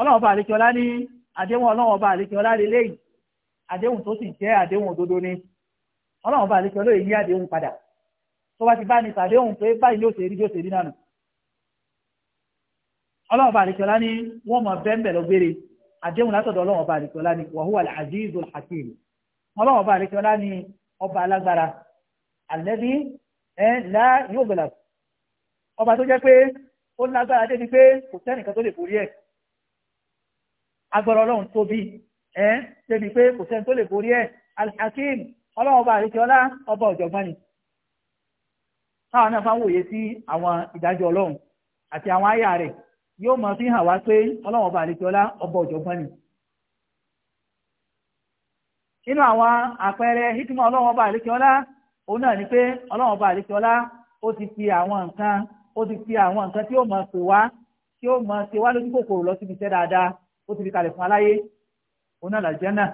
ọlọ́wọ́n bá àlejò ọlá ní àdéhùn ọlọ́wọ́n bá àlejò ọlá lè léyìí àdéhùn tó sì jẹ́ àdéhùn òdodo ni ọlọ́wọ́n bá àlejò ọlá yìí àdéhùn padà tó bá ti bá ní tàdéhùn pé báyìí yóò ṣe rí yóò ṣe rí nánu ọlọ́wọ́n bá àlejò ọlá ní wọ́n mọ bẹ́ńbẹ̀ lọ gbére àdéhùn látọ̀dọ̀ ọlọ́wọ́n bá àlejò ọlá ní wa huwa al-azizul hakim ní agbára ọlọ́run tóbi ẹ́ débi pé kò sẹ́ni tó lè borí ẹ̀ alhakim ọlọ́run ọba àríkẹ́ ọlá ọba ọ̀jọ̀gbọ́n ni táwọn náà fáwọn òye sí àwọn ìdájọ́ ọlọ́run àti àwọn àyà rẹ̀ yóò fi hàn wá pé ọlọ́run ọba àríkẹ́ ọlá ọba ọ̀jọ̀gbọ́n ni nínú àwọn àpẹẹrẹ ọba àríkẹ́ ọlá òun náà ọba àríkẹ́ ọlá ti fi àwọn nǹkan ó ti fi àwọn nǹkan tí ó mọ̀ wa tí ó mọ̀ wa lójú kòkòrò lọ síbi iṣẹ́ dáadáa ó ti fi kalẹ̀ fún aláyé òun náà làlìjánà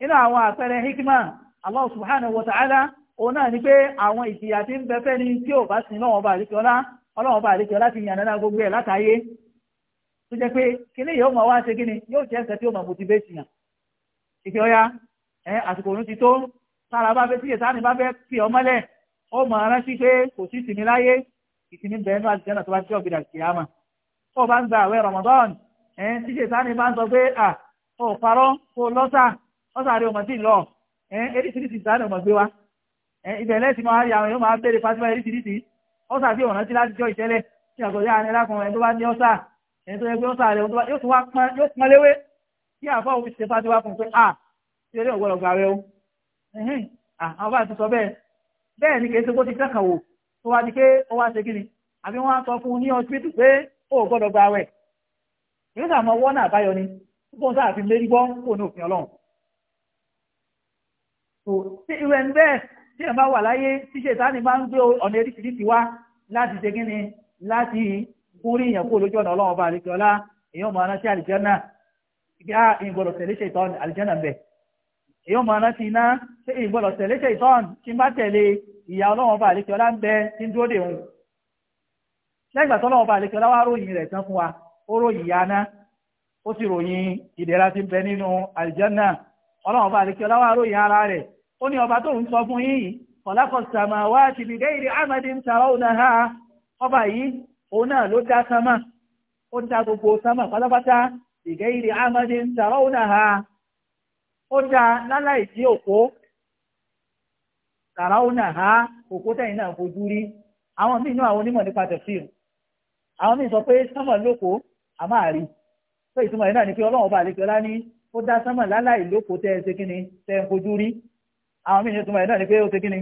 nínú àwọn àpẹẹrẹ hikima Allah subhanahu wa ta'ala òun náà ni pé àwọn ìjìyà tí ń bẹ́fẹ́ ni tí ò bá sin lọ́wọ́n bá àríkẹ́ ọlá ọlọ́wọ́n bá àríkẹ́ ọlá ti yàn náà gbogbo ẹ̀ látàáyé tó jẹ́ pé kíní yóò mọ̀ wá ṣe kíní yóò jẹ́ ẹ̀sẹ̀ tí ó mọ̀ motivation yàn ìfẹ́ ọya ẹ̀ àsìkò òun ti tó sára bá fẹ́ sí ìsáni bá pé kò sí ìsinmi láyé ìsinmi bẹ̀ẹ́nu àti jẹ́nà tó bá jẹ́ ọ̀gbìn àti kìyàmà tó bá ń gba àwẹ̀ Ramadan ẹ̀ẹ́n tí ṣètánì bá ń sọ pé à ò parọ́ kó lọ́sà lọ́sà rí ọmọ tí lọ ẹ̀ẹ́n eríṣiríṣi ìtàní ọmọ gbé wa ibẹ̀ lẹ́sìn máa rí àwọn èèyàn máa bẹ̀rẹ̀ fatima eríṣiríṣi ọ̀sà tí ọ̀nà tí láti jọ ìtẹ́lẹ̀ tí àgọ́ yá ni lákùnrin ẹni tó bá ní ọ̀sà ẹni tó yẹ pé ọ̀sà rẹ̀ yóò tún wá léwé kí àfọ̀ òun ṣe fatima fún pé à tí eré ọ̀gbọ́dọ̀ gbà rẹ o àwọn bá ti sọ bẹ́ẹ̀ yóò sà mọ wọ́nà àbáyọ ni fún sáà fi mérí gbọ́ kò ní òfin ọlọ́run tó tí irú ẹni bẹ́ẹ̀ tí ẹ̀ bá wà láyé tí ṣètánì máa ń gbé ọ̀nà eréṣiríṣi wá láti ṣe kí ni láti kúrí èèyàn kó lójú ọ̀nà ọlọ́run ọba àlejòọlá èèyàn máa rántí àlìjánà ìgbé à ah, ìgbọ̀dọ̀ tẹ̀lé ṣètọ́n àlìjánà bẹ̀ èèyàn máa rántí iná ṣé ìgbọ̀dọ̀ tẹ̀lé ṣètọ́n tí bá tẹ̀lé ìyá ọlọ́run ọba àlejòọlá ń bẹ tí ń dúró dè òun lẹ́gbàá tọ́lọ́run ọba àlejòọlá wá ròyìn rẹ̀ tán fún wa ó ròyìn yaná ó sì ròyìn ìdẹ̀ra tí ń bẹ nínú àlìjánà ọlọ́run bá àlekí ọlá wa ròyìn ara rẹ̀ ó ní ọba tó ń sọ fún yín yìí khalaqas samawati bighayri amadin tarawnaha ọba yìí òun náà ló dá sánmà ó dá gbogbo sánmà pátápátá bighayri amadin tarawnaha ó dá láláì sí òpó tarawnaha òpó tẹ̀yìn náà fojú rí àwọn míì náà àwọn onímọ̀ nípa tafsir àwọn míì sọ pé sánmà lóko a máa rí pé ìtumọ̀ yẹn náà ni pé ọlọ́run ọba àlejò ọlá ní ó dá sánmọ̀ láláì lóko tẹ́ ẹ ṣe kíni tẹ́ ẹ fojú rí àwọn míì ní ìtumọ̀ yẹn náà ni pé ó ṣe kíni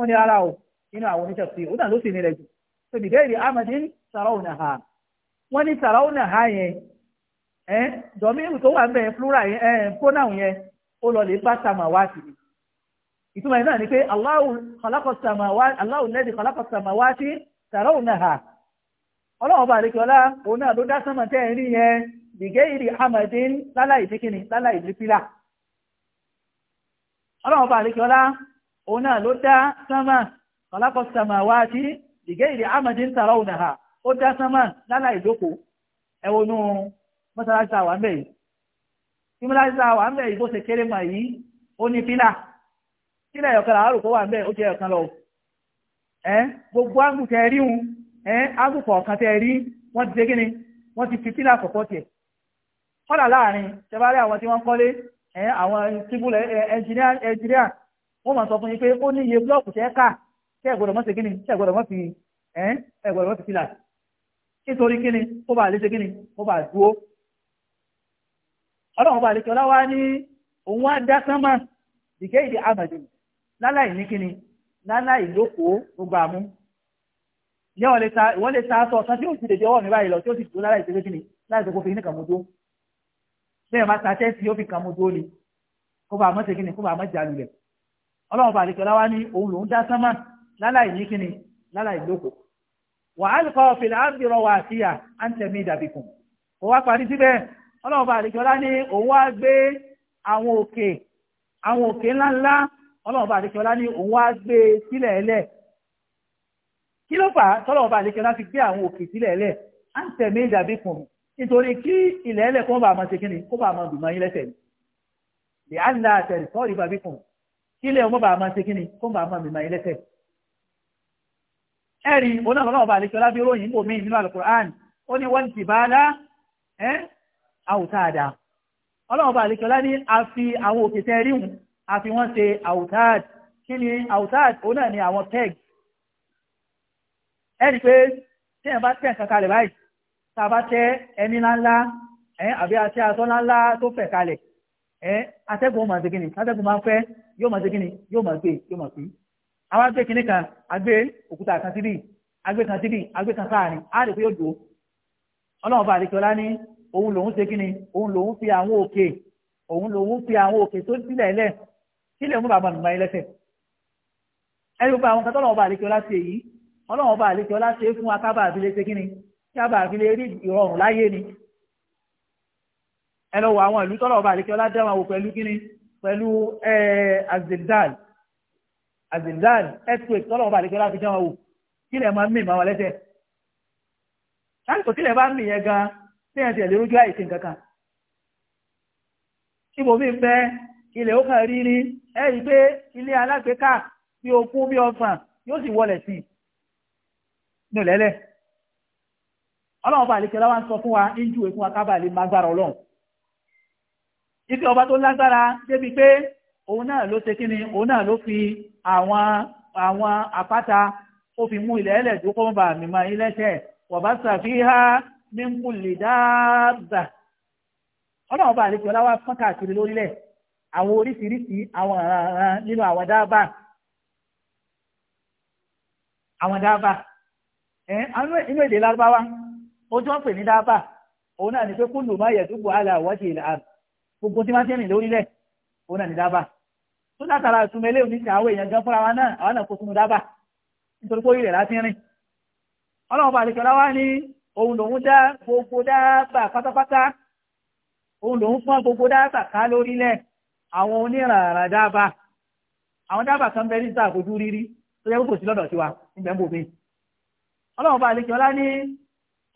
ó ní ara o inú àwọn oníṣẹ́ sí i ó náà ló sì nílẹ̀ jù pé bìdẹ́ ìrì amadin sàrọ́ọ̀nà ha wọ́n ní sàrọ́ọ̀nà ha yẹn ẹ̀ dọ̀míìrù tó wà ń bẹ̀ plural yẹn ẹ̀ pronoun yẹn ó lọ lè bá sàmà wá sí i ìtumọ̀ yẹn náà ni pé Allahu khalaqa samawati Allahu alladhi khalaqa ọlọ́run bá àríkẹ́ ọlá òun náà ló dá sánmọ̀ tẹ́ yẹn ìrì hamadin láláì sí kíni láláì ọlọ́run bá àríkẹ́ ọlá òun náà ló dá sánmọ̀ wá sí ìrì hamadin tààrà òun náà ó dá sánmọ̀ láláì lóko ẹwọnú mọ́sálásí àwà ń bẹ̀ yìí ń bẹ̀ yìí bó ṣe kéré mà yìí ó ní pílà ẹ́ ágùkọ̀ kan tẹ́ rí wọ́n ti ṣe kí ni wọ́n ti fi pílà kọ̀kọ́ tiẹ̀ kọ́dà láàrin tẹ́bárí àwọn tí wọ́n kọ́lé ẹ́ àwọn civil engineer wọ́n máa sọ fún yín pé ó ní iye blọ́ọ̀kù tẹ́ ká tẹ́ ẹ̀gbọ́dọ̀ mọ́ ṣe kí ni tẹ́ ẹ̀gbọ́dọ̀ mọ́ fi ẹ́ ẹ̀gbọ́dọ̀ mọ́ fi pílà nítorí kí ni ó bá lè ṣe kí ni ó bá dúó ọlọ́run bá lè ṣe ọláwá ní òun wá dá sánmà dìgẹ́ ìdí amàdì láláì ní kí ni láláì lókòó gbogbo àmú ìyá wọ́n lè ta aṣọ ọ̀sán tí ó ti dèjì ọwọ́ mi báyìí lọ tí ó sì tó lára ìṣẹ́gbé kìíní láìsí kó fi ní kàmójó bẹ́ẹ̀ máa ta tẹ́sí ó fi kàmójó ni kó bá mọ́ ṣe kìíní kó bá mọ́ jà lulẹ̀ ọlọ́run bá àdìkọ́lá wá ní òun lòún dá sánmà láláì ní kìíní láláì lóko wà á kọ́ fìlà á ń bìrọ̀ wà sí à á ń tẹ̀mí ìdàbí kùn kó wá kí ló fà á tọ́lọ̀ ọba àlekẹ́ láti gbé àwọn òkè sílẹ̀ ẹlẹ̀ à ń tẹ̀ méjì àbí kùn nítorí kí ilẹ̀ ẹlẹ̀ kó bá máa ṣe kíni kó bá máa dùn máa yín lẹ́sẹ̀ ni lè á nà àtẹ̀rẹ̀ sọ́ọ̀rì bàbí kùn kí ilẹ̀ ọmọ bá máa ṣe kíni kó bá máa dùn máa yín lẹ́sẹ̀. ẹ̀rí onáfọlọ́ ọba àlekẹ́ lábí ròyìn bò mí nínú Al-Qur'an ó ní wọ́n ti bá ẹni pé tí ẹ̀ bá tẹ̀ nǹkan kalẹ̀ báyìí tá a bá tẹ ẹni ńláńlá ẹ̀ àbí àti aṣọ ńláńlá tó fẹ̀ kalẹ̀ ẹ̀ atẹ́gùn ó máa ṣe kíni atẹ́gùn máa fẹ́ yóò máa ṣe kíni yóò máa gbé yóò máa gbé àwọn agbé kíní kan agbé òkúta kan síbí agbé kan síbí agbé kan sáàrin á rè pé yóò dùn ọlọ́run bá àdìsọ́lá ní òun lòun ṣe kíni òun lòun fi àwọn òkè òun lòun fi àwọn òkè tó sílẹ̀ lẹ̀ sílẹ̀ ọlọ́run bá àlejò ọlá ṣe fún akábà àfilé ṣe kíni kábà àfilé rí ìrọ̀rùn láyé ni ẹ lọ wọ àwọn ìlú tọ́lọ̀ bá àlejò ọlá dẹ́wọ̀n wò pẹ̀lú kíni pẹ̀lú azilzal azilzal earthquake tọ́lọ̀ bá àlejò ọlá fi dẹ́wọ̀n wò kí lẹ̀ máa ń mì máa wà lẹ́sẹ̀ láìpẹ́ tí lẹ̀ bá ń mì yẹn gan tí yẹn ti ẹ̀ lérújú àìsí nǹkan kan ibòmí ń bẹ ilẹ̀ ó kàn rí ni ẹ̀ rí pé ilé alágbèéká bí okun bí ọfàn ní ìlẹ́lẹ̀ ọlọ́run bá àlékẹ́ láwá ń sọ fún wa injú èkún akábà lè mágbára ọlọ́run ife ọba tó lágbára débi pé òun náà ló ṣe kíni òun náà ló fi àwọn àwọn àpáta ó fi mú ìlẹ́lẹ̀ tó kọ́ bà mímọ iléeṣẹ́ wọ̀bá sàfihà mímú lè dáàbà ọlọ́run àlékẹ́ láwá fọ́n káàkiri lórílẹ̀ àwọn oríṣiríṣi àwọn nínú àwọn dáàbà inú èdè lárúbáwá ó jọ daba ní dábà òun náà ní pé kúlù má yẹ àlà ìlà àrùn gbogbo tí wọ́n ti rìn lórílẹ̀ òun náà ní dábà tó látara ìtumọ̀ eléyìí ní àwọn èèyàn gan fúnra wa náà àwọn náà kó sunu dábà nítorí pé láti gbogbo dábà pátápátá òun fún gbogbo dábà ká lórílẹ̀ àwọn àwọn dábà ọlọ́run bá àlekè ọlá ní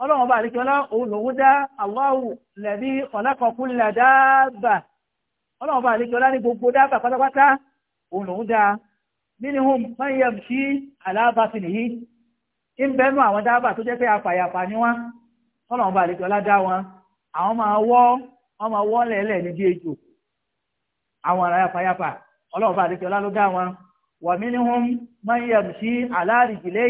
ọlọ́run bá àlekè ọlá òun lòun dá Allahu lẹ́bí ọ̀làkọ̀kún làdáàbà ọlọ́run bá àlekè ọlá ní gbogbo dáàbà pátápátá òun lòun dá minhum man yamshi ala batnihi ń bẹ́nu àwọn dáàbà tó jẹ́ pé afàyàfà ni wọ́n ọlọ́run bá àlekè ọlá dá wọn àwọn máa wọ́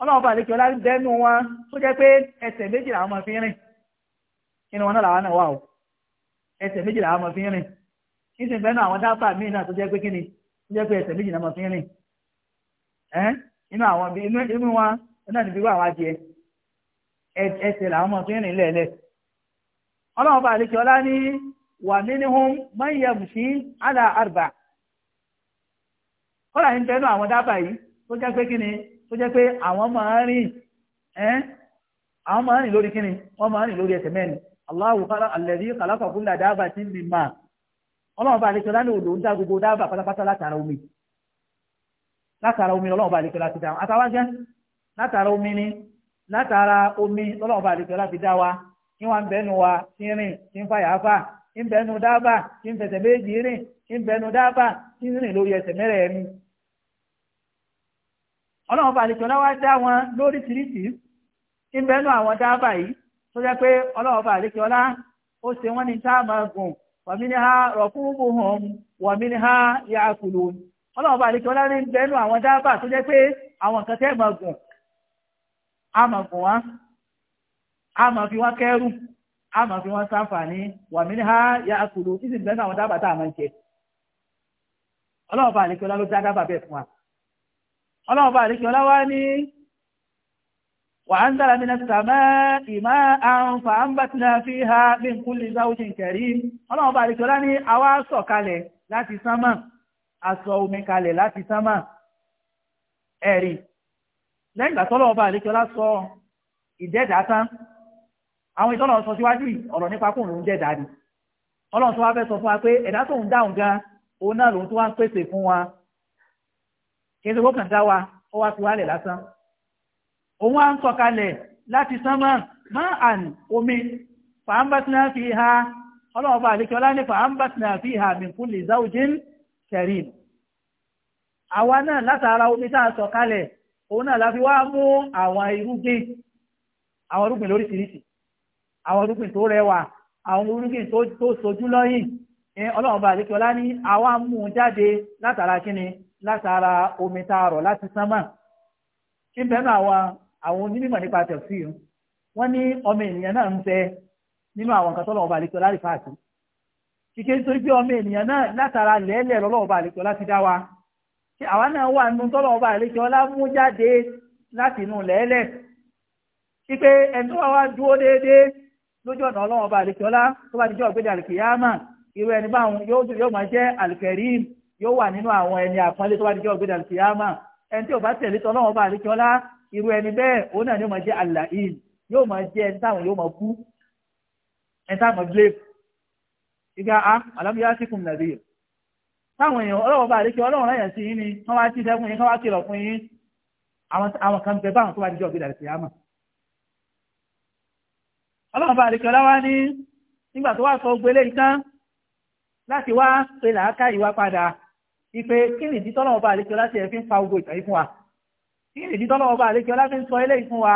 ọlọ́run bá àlejò láti bẹ́nu wọn tó jẹ́ pé ẹsẹ̀ méjì làwọn máa fi rìn inú wọn náà làwọn náà wà o ẹsẹ̀ méjì làwọn fi rìn nísìnyí bẹ́nu àwọn dábàá míì náà tó jẹ́ pé kíni tó jẹ́ pé ẹsẹ̀ méjì náà fi rìn ẹ́ inú àwọn inú wọn náà níbi wà wá jẹ ẹsẹ̀ làwọn máa fi rìn lẹ́ẹ̀lẹ́ ọlọ́run bá àlejò ọlá ní wà tó jẹ́ pé àwọn máa rìn ẹ́n àwọn máa rìn lórí kíni wọ́n máa rìn lórí ẹsẹ̀ mẹ́rin Allahu alladhi khalaqakum min dabbatin min ma' ọlọ́run bá àlejò lánàá òdò ń dá gbogbo dáàbà omi látara bá àlejò láti dá wa omi ni látara omi ọlọ́run bá àlejò láti dá wa kí wọ́n ń wa kí ń rìn kí ń fàyà fà ń bẹ́nu dáàbà kí ń fẹsẹ̀ méjì rìn ń dáàbà kí ń rìn lórí ọlọ́run bá àlejò náà dá wọn lóríṣiríṣi ìbẹ́nu àwọn dábàá yìí tó jẹ́ pé ọlọ́run bá àlejò ọlá ó ṣe wọ́n ní táàmù gùn wàmínìhá rọ̀kúnbùhùn wàmínìhá yàkùlù ọlọ́run bá àlejò ọlá ní ìbẹ́nu àwọn dábàá tó jẹ́ pé àwọn nǹkan tẹ́ mọ̀ gùn á mọ̀ gùn á mọ̀ fi kẹ́rù á mọ̀ fi ìbẹ́nu àwọn tá ọlọ́run bá àríkẹ́ ọlá wá ní وأنزل من السماء ماء فأنبتنا فيها من كل زوج كريم ọlọ́run bá àríkẹ́ ọlá ní àwa sọ kalẹ̀ láti sánmà aṣọ omi kalẹ̀ láti sánmà ẹ̀rí lẹ́yìn ìgbà tọ́lọ́run bá àríkẹ́ ọlá sọ ìdẹ́dàá tán àwọn ìtọ́nà sọ síwájú ọ̀rọ̀ nípa kóun lòún jẹ́dàá ni ọlọ́run tó wá fẹ́ sọ fún wa pé ẹ̀dá tóun dáhùn gan òun náà lòun tó wá ń pèsè fún wa kí ẹsẹ̀ wọ́kàn dá wa ó wá fi wálẹ̀ lásán òun á ń sọ̀kalẹ̀ láti sánmà máa àn omi fàámbàtìnà fi ha ọlọ́run bá àdékẹ́ ọlá ní fàámbàtìnà fi ha min kulli zawjin karim àwa náà látara omi tá a sọ̀kalẹ̀ òun náà la fi wá mú àwọn irúgbìn àwọn irúgbìn lóríṣiríṣi àwọn irúgbìn tó rẹwà àwọn irúgbìn tó sojú lọ́yìn ọlọ́run bá ní àwa mú jáde látara kíni látara omi tá a rọ̀ láti sánmà kí n bẹ́ẹ̀ nù àwọn àwọn onímọ̀ nípa tafsir wọ́n ní ọmọ ènìyàn náà ń fẹ́ nínú àwọn nǹkan tọ́lọ̀ ọba àlejò láti fàáṣì kíkẹ́ nítorí pé ọmọ ènìyàn náà látara lẹ́ẹ̀lẹ̀ lọ́lọ́ ọba láti dá wa kí àwa náà wà nínú tọ́lọ̀ ọba àlejò ọlá mú jáde láti inú lẹ́ẹ̀lẹ̀ kíkẹ́ ẹni tó wá wá dúró déédéé lójú ọ̀nà ọlọ́run ọba àlejò ọlá tó bá ti jẹ́ ọ̀gbẹ́dẹ àlùkìyámà irú ẹni báwọn yóò máa jẹ́ àlùkẹ́rìm yóò wà nínú àwọn ẹni àpọ́nlé tó bá di jọ́ ògbé dàlùkì yáàmà ẹni tí ò bá tẹ̀lé tọ́ lọ́wọ́ bá àríkíọ́lá irú ẹni bẹ́ẹ̀ òun náà ni ó máa jẹ́ àlàyé yóò máa jẹ́ ẹni táwọn yóò máa kú ẹni táwọn blake ìgbà a àlámúyá sí kùn nàbí táwọn èèyàn ọlọ́wọ́ bá àríkí ọlọ́run ráyàn sí yín ni kán wá tí sẹ́kùn yín kán wá kìlọ̀ fún yín àwọn kan bẹ báwọn tó bá di jọ́ ògbé dàlùkì yáàmà ọlọ́run bá àríkí ọlọ́wà ní nígbà tó wá sọ gbélé ìtàn láti wá pe làákà ìwà padà ipe kí ni ìdí tọ́lọ́wọ́ bá àlékẹ́ láti ẹ̀fín fa ogo ìtàrí fún wa kí ni ìdí tọ́lọ́wọ́ bá àlékẹ́ láti ń sọ eléyìí fún wa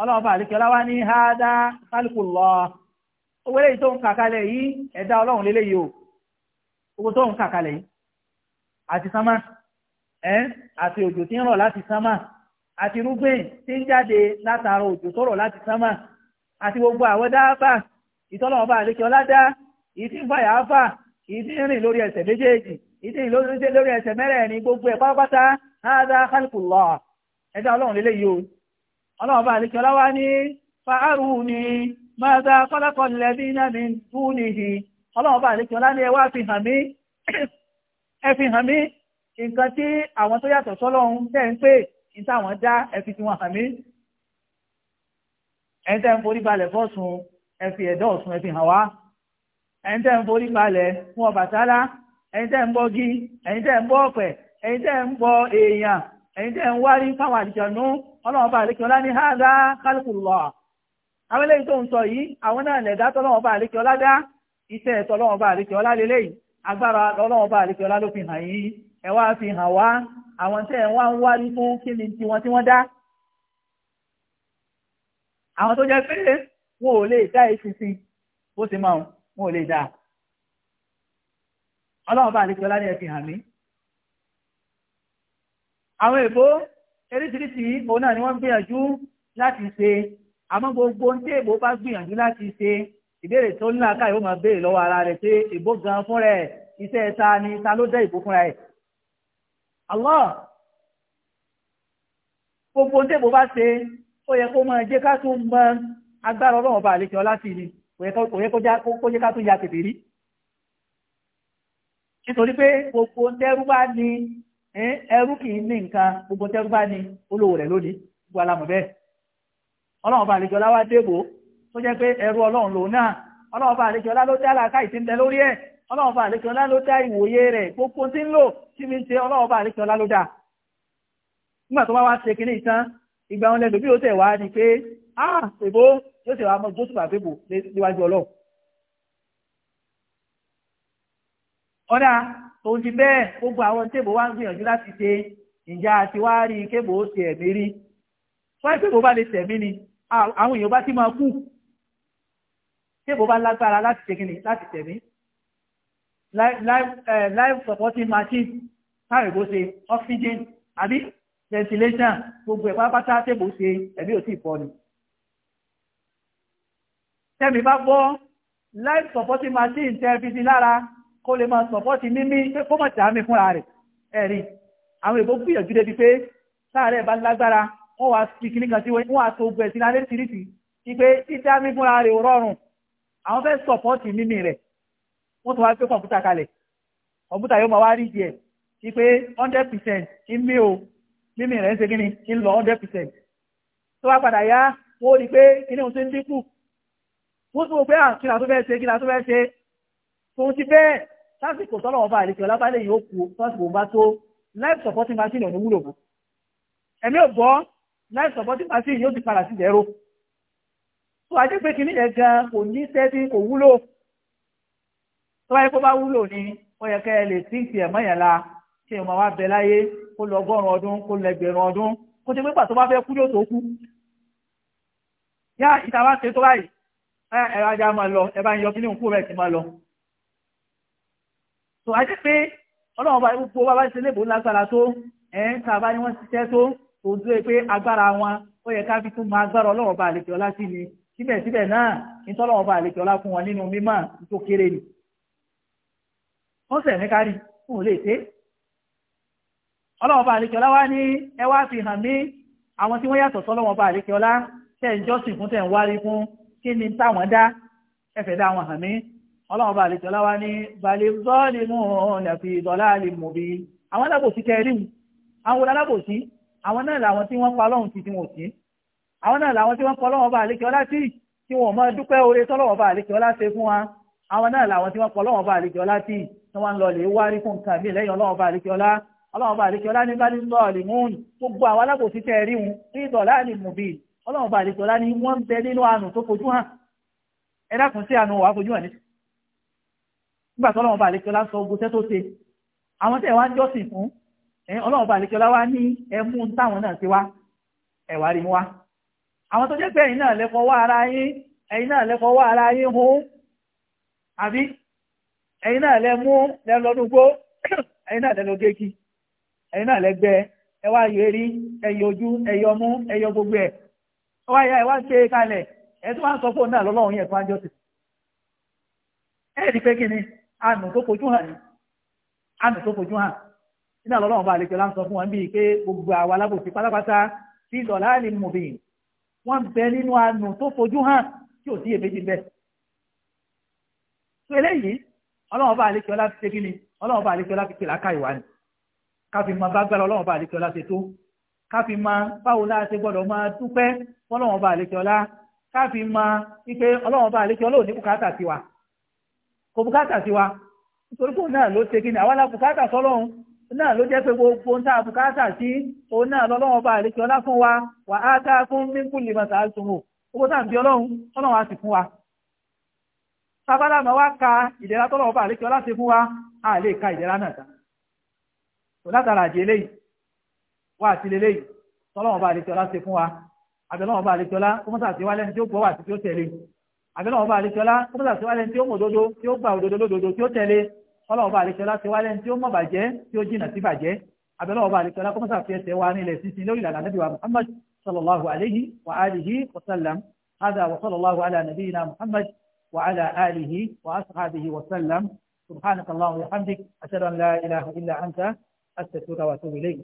ọlọ́wọ́ bá àlékẹ́ láwá ní hádá owó ẹ̀dá ọlọ́run o owó tó ń kàkalẹ̀ yìí àti sánmà ẹ́ àti òjò tí ń rọ̀ láti sánmà àti irúgbìn tí ń jáde látara òjò tó rọ̀ láti sánmà àti gbogbo ìtọ́lọ́wọ́ bá àlékẹ́ ọlá dá ń fàyà áfà ń rìn ìdí ìlóṣẹ́ lórí ẹsẹ̀ mẹ́rẹ̀ẹ̀rin gbogbo ẹ̀ pátápátá hádá khalqullah ẹ̀dá ọlọ́run lélẹ̀ yìí o ọlọ́run bá àlekí ọlá wá ní fàárù ni mādhā khalaqa alladhīna min dūnihi ọlọ́run bá àlekí ọlá ní ẹ wá fi hàn mí ẹ fi hàn mí nǹkan tí àwọn tó yàtọ̀ sọ́lọ́run tẹ̀ ń pè dá ẹ fi tiwọn ń forí balẹ̀ fún Ọbàtálá ẹ̀yin tẹ́ ń bọ gi ẹ̀yin tẹ́ ń bọ ọ̀pẹ̀ ẹ̀yin tẹ́ ń bọ èèyàn ẹ̀yin tẹ́ ń wárí fáwọn àlìjọ̀nú ọlọ́run bá àlékè ọlá ní hàdá kálukùlọ̀ àwọn eléyìí tó ń sọ yìí àwọn náà lẹ̀dá tọ́lọ́run bá àlékè ọlá dá iṣẹ́ tọ́lọ́run bá àlékè ọlá lélẹ́yìí agbára ọlọ́run bá àlékè ọlá ló fi hàn yìí ẹ wá fi hàn wá àwọn tẹ́ ẹ̀ wá ń wárí fún kí ni tiwọn tí wọ́n dá àwọn tó jẹ́ pé wọn ò lè dá èsì bó ti máa wọn ò lè dá ọlọ́run bá àlejò láti ẹ̀fì hàn mí àwọn èbó eríṣiríṣi òun náà ni wọ́n gbìyànjú láti ṣe àmọ́ gbogbo ń tí èbó bá gbìyànjú láti ṣe ìbéèrè tó ńlá káyọ̀ ó máa béèrè lọ́wọ́ ara rẹ̀ pé èbó gan fún rẹ̀ iṣẹ́ ta ni ta ló dẹ́ ìbò fúnra ẹ̀ Allah gbogbo tí èbó bá ṣe ó yẹ kó máa jẹ́ ká tún mọ agbára ọlọ́run bá àlejò ọlá ni kò yẹ kó jẹ́ ká tún ya tètè rí nítorí pé gbogbo tẹ́rú bá ní ẹrú kì í ní nǹkan gbogbo ni bá ní olówó rẹ̀ lónìí gbogbo alamọ̀ bẹ́ẹ̀ ọlọ́run bá àlejò ọlá wá débò tó jẹ́ pé ẹrú ọlọ́run lòun náà ọlọ́run bá àlejò ọlá ló dá làákà ìtìǹtẹ lórí ẹ̀ ọlọ́run bá àlejò ọlá ló dá ìwòye rẹ̀ gbogbo tí ń lò tí mi ṣe ọlọ́run bá àlejò ọlá ni pé ah yóò ọ̀dà òun ti bẹ́ẹ̀ gbogbo àwọn tébò wá ń gbìyànjú láti ṣe ìjà àti wá rí kébò ó ti ẹ̀mí rí wọ́n tébò bá lè tẹ̀mí ni àwọn èèyàn bá ti máa kú tébò bá lágbára láti ṣe kíni láti tẹ̀mí life eh, supporting machine táwọn èèbó ṣe oxygen àbí ventilation gbogbo ẹ̀ pátápátá tébò ṣe ẹ̀mí ò tí ì pọ̀ ni tẹ́mi bá gbọ́ life supporting machine tẹ́ fi sí lára kó lè máa sọ̀pọ̀ ti mímí pé kó mọ̀ tààmì fúnra rẹ̀ ẹ̀rí àwọn èbó gbìyànjú débi pé sáàrẹ̀ bá lágbára wọ́n wá sí kìíní kan sí wọ́n wá tó gbẹ̀ sí lálẹ́ tìrìtì sí pé títàmì fúnra rẹ̀ ò rọrùn àwọn fẹ́ sọ̀pọ̀ ti mímí rẹ̀ wọ́n tó wá pé kọ̀ǹpútà kalẹ̀ kọ̀ǹpútà yóò máa wá rí díẹ̀ sí pé hundred percent ìmí o mímí rẹ̀ ń ṣe kíni ń lọ hundred percent tó wá padà yá wọ́n rí pé kíní òun ṣe ń dínkù wọ́n tó wọ́n pé à ah, kí sásìkò tọ́lọ̀ ọba àríkẹ́ ọlábálẹ̀ yóò kú sásìkò bá tó life supporting machine ò ní wúlò mọ́ ẹ̀mí ò life supporting machine yóò ti padà sí zero tó a jẹ́ pé kí ní ẹ̀gá kò ní sẹ́bí kò wúlò tó wáyé kó bá wúlò ní ó yẹ kẹ́ ẹ lè sí ìsì ẹ̀mọ́ yẹn la kí ọmọ wa bẹ láyé kó lọ ọgọ́rùn ọdún kó lọ ẹgbẹ̀rún ọdún kó ti pípa tó bá fẹ́ kú ní òtò kú yá ìta wá ṣe tó báyìí ẹ̀rọ ajá máa lọ ẹ bá ń yọ kí ní òkú rẹ̀ ti máa lọ so a ti pé ọlọ́run bá gbogbo wa bá ṣe lébò lágbára tó ẹ̀ẹ́n tá a bá ní wọ́n ṣiṣẹ́ tó tó dúró pé agbára wọn ó yẹ ká fi tún máa agbára ọlọ́run bá àlejò ọlá sí ni síbẹ̀síbẹ̀ náà ìtọ́lọ́run bá àlejò ọlá fún wọn nínú mímọ́ tó kéré ni wọ́n sẹ̀ ní kárí fún òlé ìté ọlọ́run bá àlejò ọlá wá ní ẹ wá fi hàn mí àwọn tí wọ́n yàtọ̀ sọ́lọ́run bá àlejò ọlá tẹ̀ ń jọ́sìn fún tẹ̀ ń wárí fún kí ni táwọn dá ẹ̀fẹ̀ dá àwọn hàn mí ọlọ́run bá àlejò ọlá wa ní balẹ̀ zọ́ọ̀lì mú nàfi ìdọ̀lá àlè mú bí àwọn alábòsí kẹrin àwọn alábòsí àwọn náà làwọn tí wọ́n pa ọlọ́run ti ti wọn sí àwọn náà làwọn tí wọ́n pa ọlọ́run bá àlejò ọlá tí tí wọ́n mọ dúpẹ́ oore tọ́lọ́run bá àlejò ọlá ṣe fún wa àwọn náà làwọn tí wọ́n pa ọlọ́run bá àlejò ọlá tí wọ́n ń lọ lè wárí fún nǹkan mi lẹ́yìn ọlọ́run bá àlejò ọlá ọlọ́run bá àlejò ọlá ní bálí lọ́ọ̀lì mún gbogbo àwọn alábòsí tẹ́ rí wọn ní ìdọ̀lá ní mùbí ọlọ́run bá àlejò ọlá ní wọ́n bẹ nínú àánú tó fojú hàn ẹ dákun sí àánú wàá fojú hàn nísìnyí nígbà tó ọlọ́run bá sọ ogun tẹ́ tó àwọn tẹ̀ jọ́sìn fún ọlọ́run bá wá ní ẹmú táwọn náà ti wá ẹ̀wà rí mú wá àwọn tó jẹ́ pé ẹ̀yin náà lẹ́fọwọ́ ara náà ara yín hún àbí náà lẹ mú lẹ́lọ́dúgbó ẹ̀yin náà lẹ́lọ́gẹ́gì ẹ̀yin náà lẹ́gbẹ́ ẹwà ojú ṣe kalẹ̀ ẹ̀ tó wá sọ náà àánú tó fojú hàn ní àánú tó fojú hàn nínú àlọ́lọ́wọ́n bá àlejò láǹsọ fún wọn bíi pé gbogbo àwọn alábòsí pátápátá sí ìdọ̀lá ní mòbìn wọ́n bẹ nínú àánú tó fojú hàn tí ò sí èméjì bẹ́ẹ̀. sọ eléyìí ọlọ́wọ́n bá àlejò láti ṣe kí ni ọlọ́wọ́n bá àlejò láti pèlà ká ìwà ni ká fi máa bá gbára ọlọ́wọ́n bá àlejò láti tó ká fi máa báwo láti ṣe gbọ́dọ̀ máa dúpẹ́ fọlọ́wọ́n bá àlejò lá ká fi máa wípé ọlọ́wọ́n bá àlejò lóò ní bùkátà tiwa kò bùkátà sí wa nítorí pé òun náà ló ṣe kíni àwọn alábùkátà sọ́lọ́run náà ló jẹ́ pé gbogbo ń tá bùkátà sí òun náà lọ́lọ́run bá àlejò ọlá fún wa wà á tá fún mímú lè mọ̀tà àtúnwò owó tá ń bí ọlọ́run ọlọ́run á sì fún wa sábàlá wá ka ìdẹ̀ra tọ́lọ́run bá àlejò ọlá ṣe fún wa á lè ka ìdẹ̀ra náà ta kò látara àjẹ eléyìí wá àti lélẹ́yìí tọ́lọ́run bá àlejò ọlá ṣe fún wa àbẹ̀lọ́run bá àlejò ọlá kó mọ́tà sí wálẹ́ni tí ó gbọ́ wà sí tí ó tẹ̀lé àbẹ́lẹ̀ ọba àlejọ́lá ó bọ́lá síwálẹ̀ tí ó mọ̀ òdodo tí ó gbà òdodo lódodo tí ó tẹ̀lé ọlọ́run ọba àlejọ́lá síwálẹ̀ tí ó mọ̀ bàjẹ́ tí ó jìnà sí bàjẹ́ àbẹ́lẹ̀ ọba àlejọ́lá kó ẹsẹ̀ wa nílẹ̀ sísin lórí ìlànà nàbí wa muhammad sallallahu alayhi wa alihi wa sallam hada wa sallallahu ala nabiyina muhammad wa ala alihi wa ashabihi wa sallam subhanaka allahumma wa hamdik ashhadu la ilaha illa anta astaghfiruka wa atubu ilayk